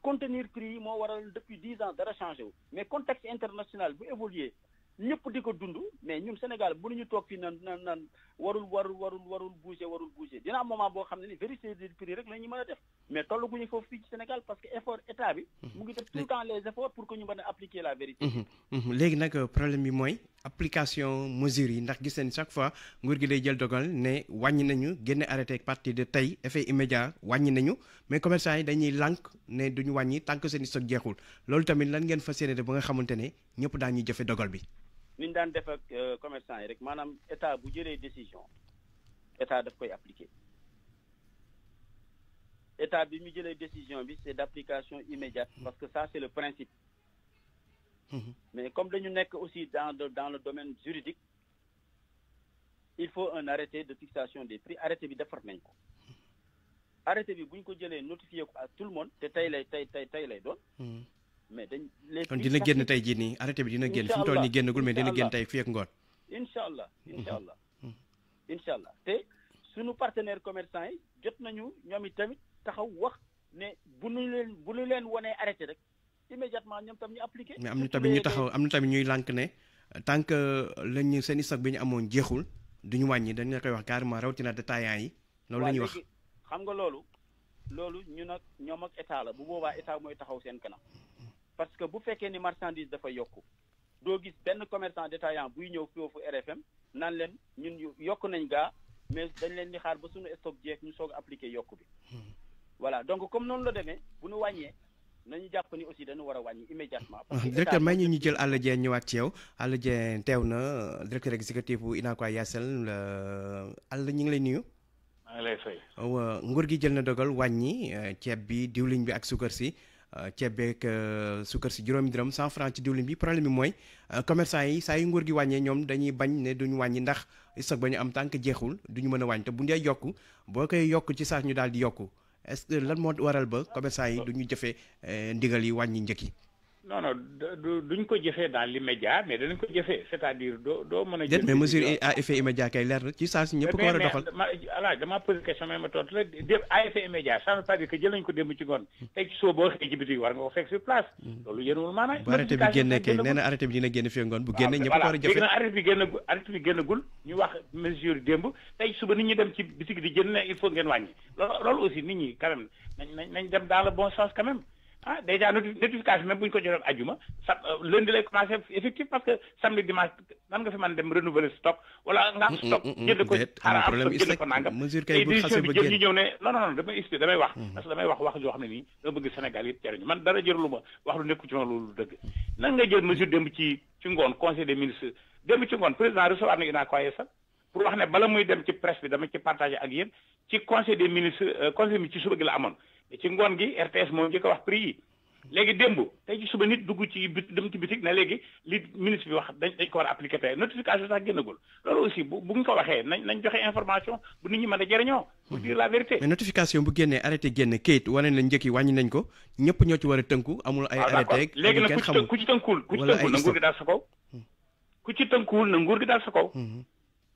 Speaker 7: contenir prix depuis dix ans dara changé mais contexte international bu évolué ñëpp di dund mais ñun Sénégal nous toog fii nan nan warul warul warul warul bouger warul bouger dina moment prix rek mais tollaguñu foofu fii ci Sénégal parce que effort état bi. Mhm. mu ngi def tout le temps les efforts pour que ñu mën appliquer la vérité. Mhm.
Speaker 1: Mhm. léegi nag euh, problème bi moins application mesure yi ndax gis chaque fois nguur gi day jël dogal ne wàññi nañu génne arrêté parti de tey effet immédiat wàññi nañu mais commerçant yi dañuy lànk ne duñu wàññi tant que seen stock jeexul loolu tamit lan ngeen fas yéene ba nga xamante ne ñëpp daañuy jëfe dogal bi.
Speaker 7: ni ñu daan def ak euh, commerçant yi rek maanaam état bu jëlee décision état daf koy appliquer état bi mu jëlee décision bi c'est d'application immédiate parce que ça c'est le principe mhm. mais comme dañu nekk aussi dans dans le domaine juridique il faut un arrêté de fixation des prix arrêté bi defar nañ ko arrêté bi bu ko ko
Speaker 1: à tout le monde te tey lay tey tey tey lay doon mhm.
Speaker 7: mais dañ les kon dina arrêté bi dina génn fi mu toll nii génnagul mais dina génn tey fii ak ngoon inshallah, mhm. inshallah. incha allah suñu partenaires commerçants yi jot nañu ñoom i tamit taxaw wax ne bu nu leen bu nu leen wanee arrêté rek immédiatement ñoom tam ñu appliqué. mais am na tamit ñu taxaw
Speaker 1: am na tamit ñuy lànk ne tant que lañu seen stock bi ñu amoon jeexul du ñu wàññi dañ la koy wax carrément rawatina détaillant yi. loolu la ñuy wax
Speaker 7: xam nga loolu. loolu ñu nag ñoom ak état la bu boobaa état mooy taxaw seen kanam parce que bu fekkee ni marchandise dafa yokku doo gis benn commerçant détaillant buy ñëw foofu RFM naan leen ñun yokk nañ gaa mais dañ leen di xaar ba suñu stock jeex ñu soog appliqué yokku voilà donc comme lo la demee bu ñu wàññee nañu jàpp ni aussi dañu war a wàññi
Speaker 1: immédiatement. directeur may ñu ñu jël Alla Dieng ñëwaat ci yow Alla Dieng teew na euh, directeur exécutif bu Unacois Yessal euh, Alla ñu ngi lay nuyu. maa ngi lay fay. Euh, nguur gi jël na dogal wàññi ceeb bi diwlin bi ak suukar si ceeb beeg suukar si juróomi dërëm cent franc ci diwlin bi problème bi mooy commerçant yi saa yu nguur gi wàññee ñoom dañuy bañ ne duñu wàññi ndax stock ba ñu am tànk jeexul duñu mën a wàññi te bu ñu boo koy yokk ci saa ñu daal di yokku est-ce que lan moo waral ba commerçant yi du ñu jëfee eh, ndigal yi wàññi njëg yi.
Speaker 21: non non duñ ko jëfee dans l'immédiat mais danañ ko jëfee c'est-à-dire doo doo mën a. jël mais mesure
Speaker 1: à effet immédiat kay leer na ci saa si mais mais
Speaker 21: ma tontu la à effet immédiat ça veut pas dire que jël nañ ko démb ci ngoon hmm. tey hmm. bu génnee kay nee
Speaker 1: na bi dina génn fii ngoon bu génne ñëpp war a jëfee arrêté
Speaker 21: bi génn arrêté ñu wax mesure démb tey suba nit ñi dem ci bitig di jënd ne il faut ngeen wàññi loolu aussi nit ñi quand nañ nañ dem dans bon sens quand même ah déjà notification même bu ñu ko jotoon ajuma sa euh, lundi lay commencé effectif parce que samedi dimanche nan nga fi mën dem renouveler stock wala nga am mm, mm, stock mm, jënd ko xaaral am stock jënd ko nangam ma wax lu nekku ci ma loolu dëgg nan nga jël mesure démb ci ci ngoon conseil des ministres démb ci ngoon président recevoir na UNACOIS Yessal pour wax ne bala muy dem ci presse bi dama ci partagé ak yéen ci conseil des ministres euh, conseil bi ci suba gi la amoon ci ngoon gi RTS moom njëkk wax prix yi léegi démb tey ci suba nit dugg ci bit dem ci bitik na léegi li ministre bi wax dañ dañ ko war a appliqué notification sax génnagul loolu aussi bu bu ñu ko waxee nañ nañ joxe information bu nit ñi mën a jëriñoo. pour dire la vérité. mais
Speaker 1: notification bu génnee arrêté génne kayit wane na njëkk yi wàññi nañ ko ñëpp ñoo ci war a tënku amul. ay ah, arrêté léegi nag ku ci ku ci
Speaker 21: tënkuwul hmm. ku ci tënkuwul na nguur gi daal sa kaw. ku ci tënkuwul na nguur gi daal sa
Speaker 5: kaw.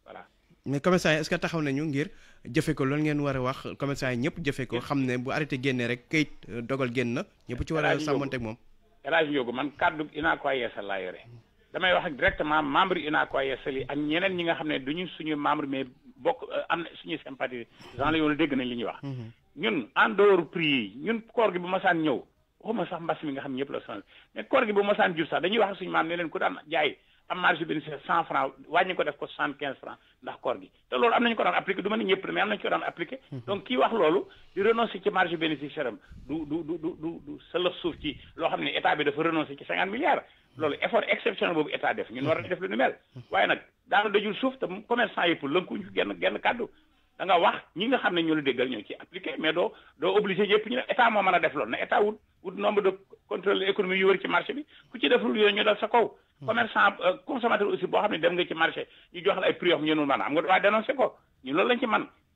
Speaker 5: voilà
Speaker 1: mais commerçant yi est-ce que ngir jëfe ko loolu ngeen war a wax commerçant yi ñëpp jëfe ko xam ne bu arrêté génnee rek kayit euh, dogal génn na ñëpp ci war a sàmmonteeg moom
Speaker 21: garage yoogu man kàddu UNACOIS Yeessal laa yore damay wax ak directement membre UNACOIS Yeessal yi ak ñeneen ñi nga xam ne duñu suñu membre mais bokk euh, am suñu sympathie gen la yoonu dégg nañ li wax mhm. ñun en dehors prix yi ñun koor gi bu masaan ñëw waxuma sax mbas mi nga xam ñëpp la sonal mais koor gi bu masaan am marge bénéficiaire cent franc wàññi ko def ko soixante quinze franc ndax koor gi te loolu am nañu ko daan appliqué du ma ne ñëpp mais am nañu ko daan appliqué mhm. donc kii wax loolu di renoncé ci marge bénéficiaire du du du du du du suuf ci loo xam ne état bi dafa renoncé ci cinquante milliards mhm. loolu effort exceptionnel boobu état def ñun war na def lu ni mel mhm. waaye nag daanu dajul suuf te commerçant yëpp lënkuñu genn genn kàddu da wax ñi nga xam ne ñu la déggal ñoo ci appliqué mais doo doo obligé yëpp ñu ne état moo mën a def loolu na état wut wut nombre de contrôle économique yu wër ci marché bi ku ci deful yooyu ñu dal sa kaw. Hmm. commerçant euh, consommateur aussi boo xam ne dem nga ci marché ñu jox la ay prix yoo xam ñu mënul maanaam nga doon dénoncé ko ñu loolu lañ ci man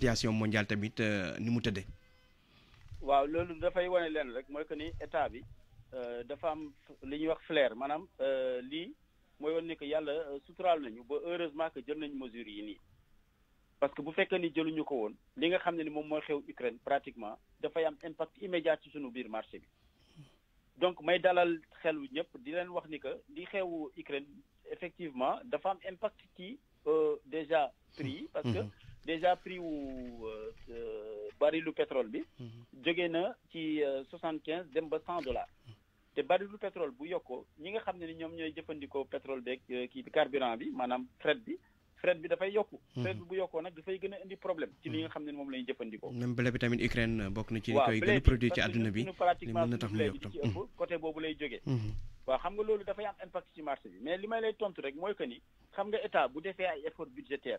Speaker 1: situation mondiale tamit euh, ni mu tëddee.
Speaker 7: waaw loolu dafay wone leen rek mooy que ni état bi euh, dafa am li ñuy wax flair maanaam euh, lii mooy wane ni que yàlla suturaal nañu ba heureusement que jël nañ mesures yi nii. parce que bu fekkee ni jëluñu ko woon li nga xam ne ni moom mooy xew Ukraine pratiquement dafay am impact immédiat ci sunu biir marché bi. donc may dalal xelu ñëpp di leen wax ni que li xewu Ukraine effectivement dafa am impact ci déjà prix parce que. Mm-hmm déjà prix euh, euh, baril de pétrole bi. Mhm. jóge na ci 75 euh, dem ba 100 dollars. té baril de pétrole bu yokkoo ñi nga xamné ni ñom ñoy jëfëndiko pétrole beeg ki bi carburant bi manam fret bi fret bi dafay yokku. Mhm. fret bi bu yokko nak da fay gëna indi problème. ci li nga mhm. xamné mom moom jëfëndiko même blé bi
Speaker 1: tamit Ukraine bok na ci. waaw koy gën produire ci aduna bi. li mëna tax mu yokk
Speaker 7: côté bobu lay jógee. wa xam nga lolu da fay am impact ci marché bi mais li may lay tontu rek moy que ni xam nga état bu défé ay effort budgétaire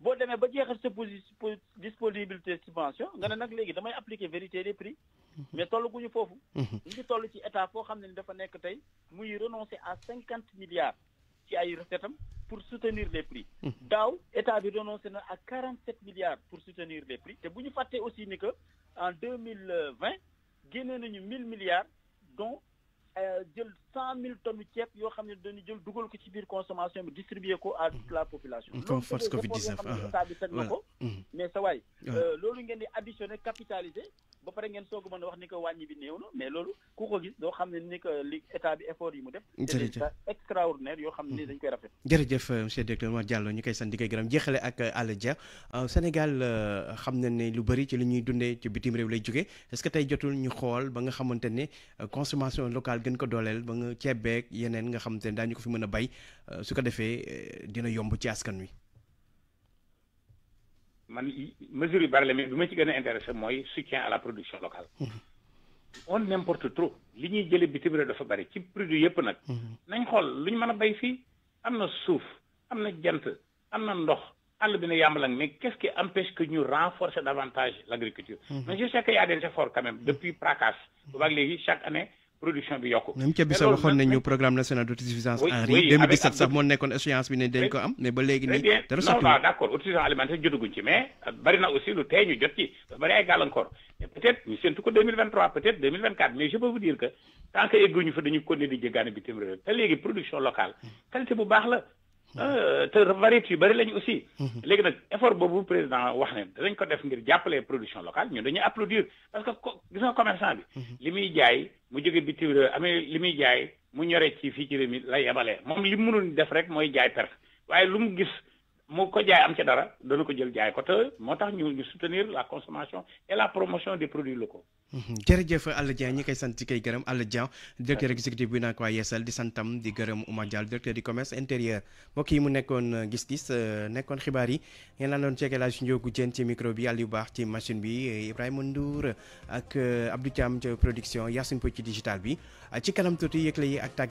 Speaker 7: boo demee ba jeexal sa disponibilité subvention nga ne nag léegi damay appliquer vérité des prix mhm. mais toll gu ñu foofu mhm. ñu ngi toll ci état foo xam ne ni dafa nekk tey muy renoncer à cinquante milliards ci ay recettes pour soutenir les prix mhm. daaw état bi renoncer na à quarante sept milliards pour soutenir les prix te bu ñu fàttee aussi ni que en deux mille vingt génnee nañu mille milliards dont Euh, jël cent mille tonnes ceeb yoo xam ne dañu jël dugal ko ci biir consommation bi distribué ko à toute la population. comme force Covid 19 ah, loolu bi teg na ko. Mmh. mais sa waay. Euh, loolu ngeen di additionné capitalisé. ba pare ngeen ko mën a wax ni ko wàññi bi néew na mais loolu ku ko gis doo xam ne ni que li état bi effort yi mu def. jërëjëf extraordinaire
Speaker 20: yoo xam ne dañ koy rafet.
Speaker 1: jërëjëf monsieur directeur Mor Diallo ñu koy sant di koy gërëm jeexale ak euh, Alla Dia euh, Sénégal euh, xam na ne lu bëri ci li ñuy dundee ci bitim réew lay jóge est que tey jotul ñu xool ba nga xamante ne consommation locale gën ko dooleel ba nga ceeb beeg yeneen nga xamante ne daañu ko fi mën a bay su ko defee dina yomb ci askan wi.
Speaker 21: man mesure yu bari la mais bi ma ci gën intéressé mooy soutien à la production locale. Mm-hmm. on importe trop. li ñuy jëlee bitim réew dafa bari ci produit yëpp nag. Mm-hmm. nañ xool lu ñu mën a bay fii am na suuf am na jant am na ndox àll bi mais qu'est-ce qui empêche que ñu renforcer davantage l'agriculture. Mm-hmm. mais je sais qu'il y a des efforts quand même depuis PRACAS. bu baax chaque année production bi yokku même Kébisa waxoon nañu
Speaker 1: programme national d'autosuffisance en riz 2017 sax mo nekkoon échéance bi ne dañ ko am mais ba légui ni dara sotti non
Speaker 21: d'accord autosuffisance alimentaire jotaguñ ci mais bari na aussi lu tey ñu jot ci bari ay gàllankoor mais peut-être ñu sentu ko 2023 peut-être 2024 mais je peux vous dire que tant que ñu fa dañu continuer di jéggaane bi réew te légui production locale qualité bu baax la Hmm. Euh, te variété yu bari la ñu aussi. Hmm. léegi nag effort boobu président wax ne danañ ko def ngir jàppale production locale ñun dañuy applaudir parce que gis nga commerçant bi. Hmm. limi muy jaay mu jóge bitim réew euh, amee li muy jaay mu ñoree ci fii ci réew mi lay yebale moom li mënul def rek mooy jaay perte waaye lu mu gis. mu ko jaay am ci dara dana ko jël jaay ko te moo tax ñu ñu soutenir la consommation et la promotion des produits locaux.
Speaker 1: Mhm. jërëjëf Alla Dieng ñi koy sant ci koy gërëm Alla Dieng directeur exécutif bi nag di santam di commerce intérieur mbokk yi mu nekkoon euh, gis-gis euh, nekkoon xibaar yi ngeen naan doon ceekee laa si njóogu jën ci micro bi yu Baax ci machine bi euh, Ibrahima Ndour ak Abdou Thiam ci production Yacine Poy ci digital bi ci kanam tuuti yi ak tàgg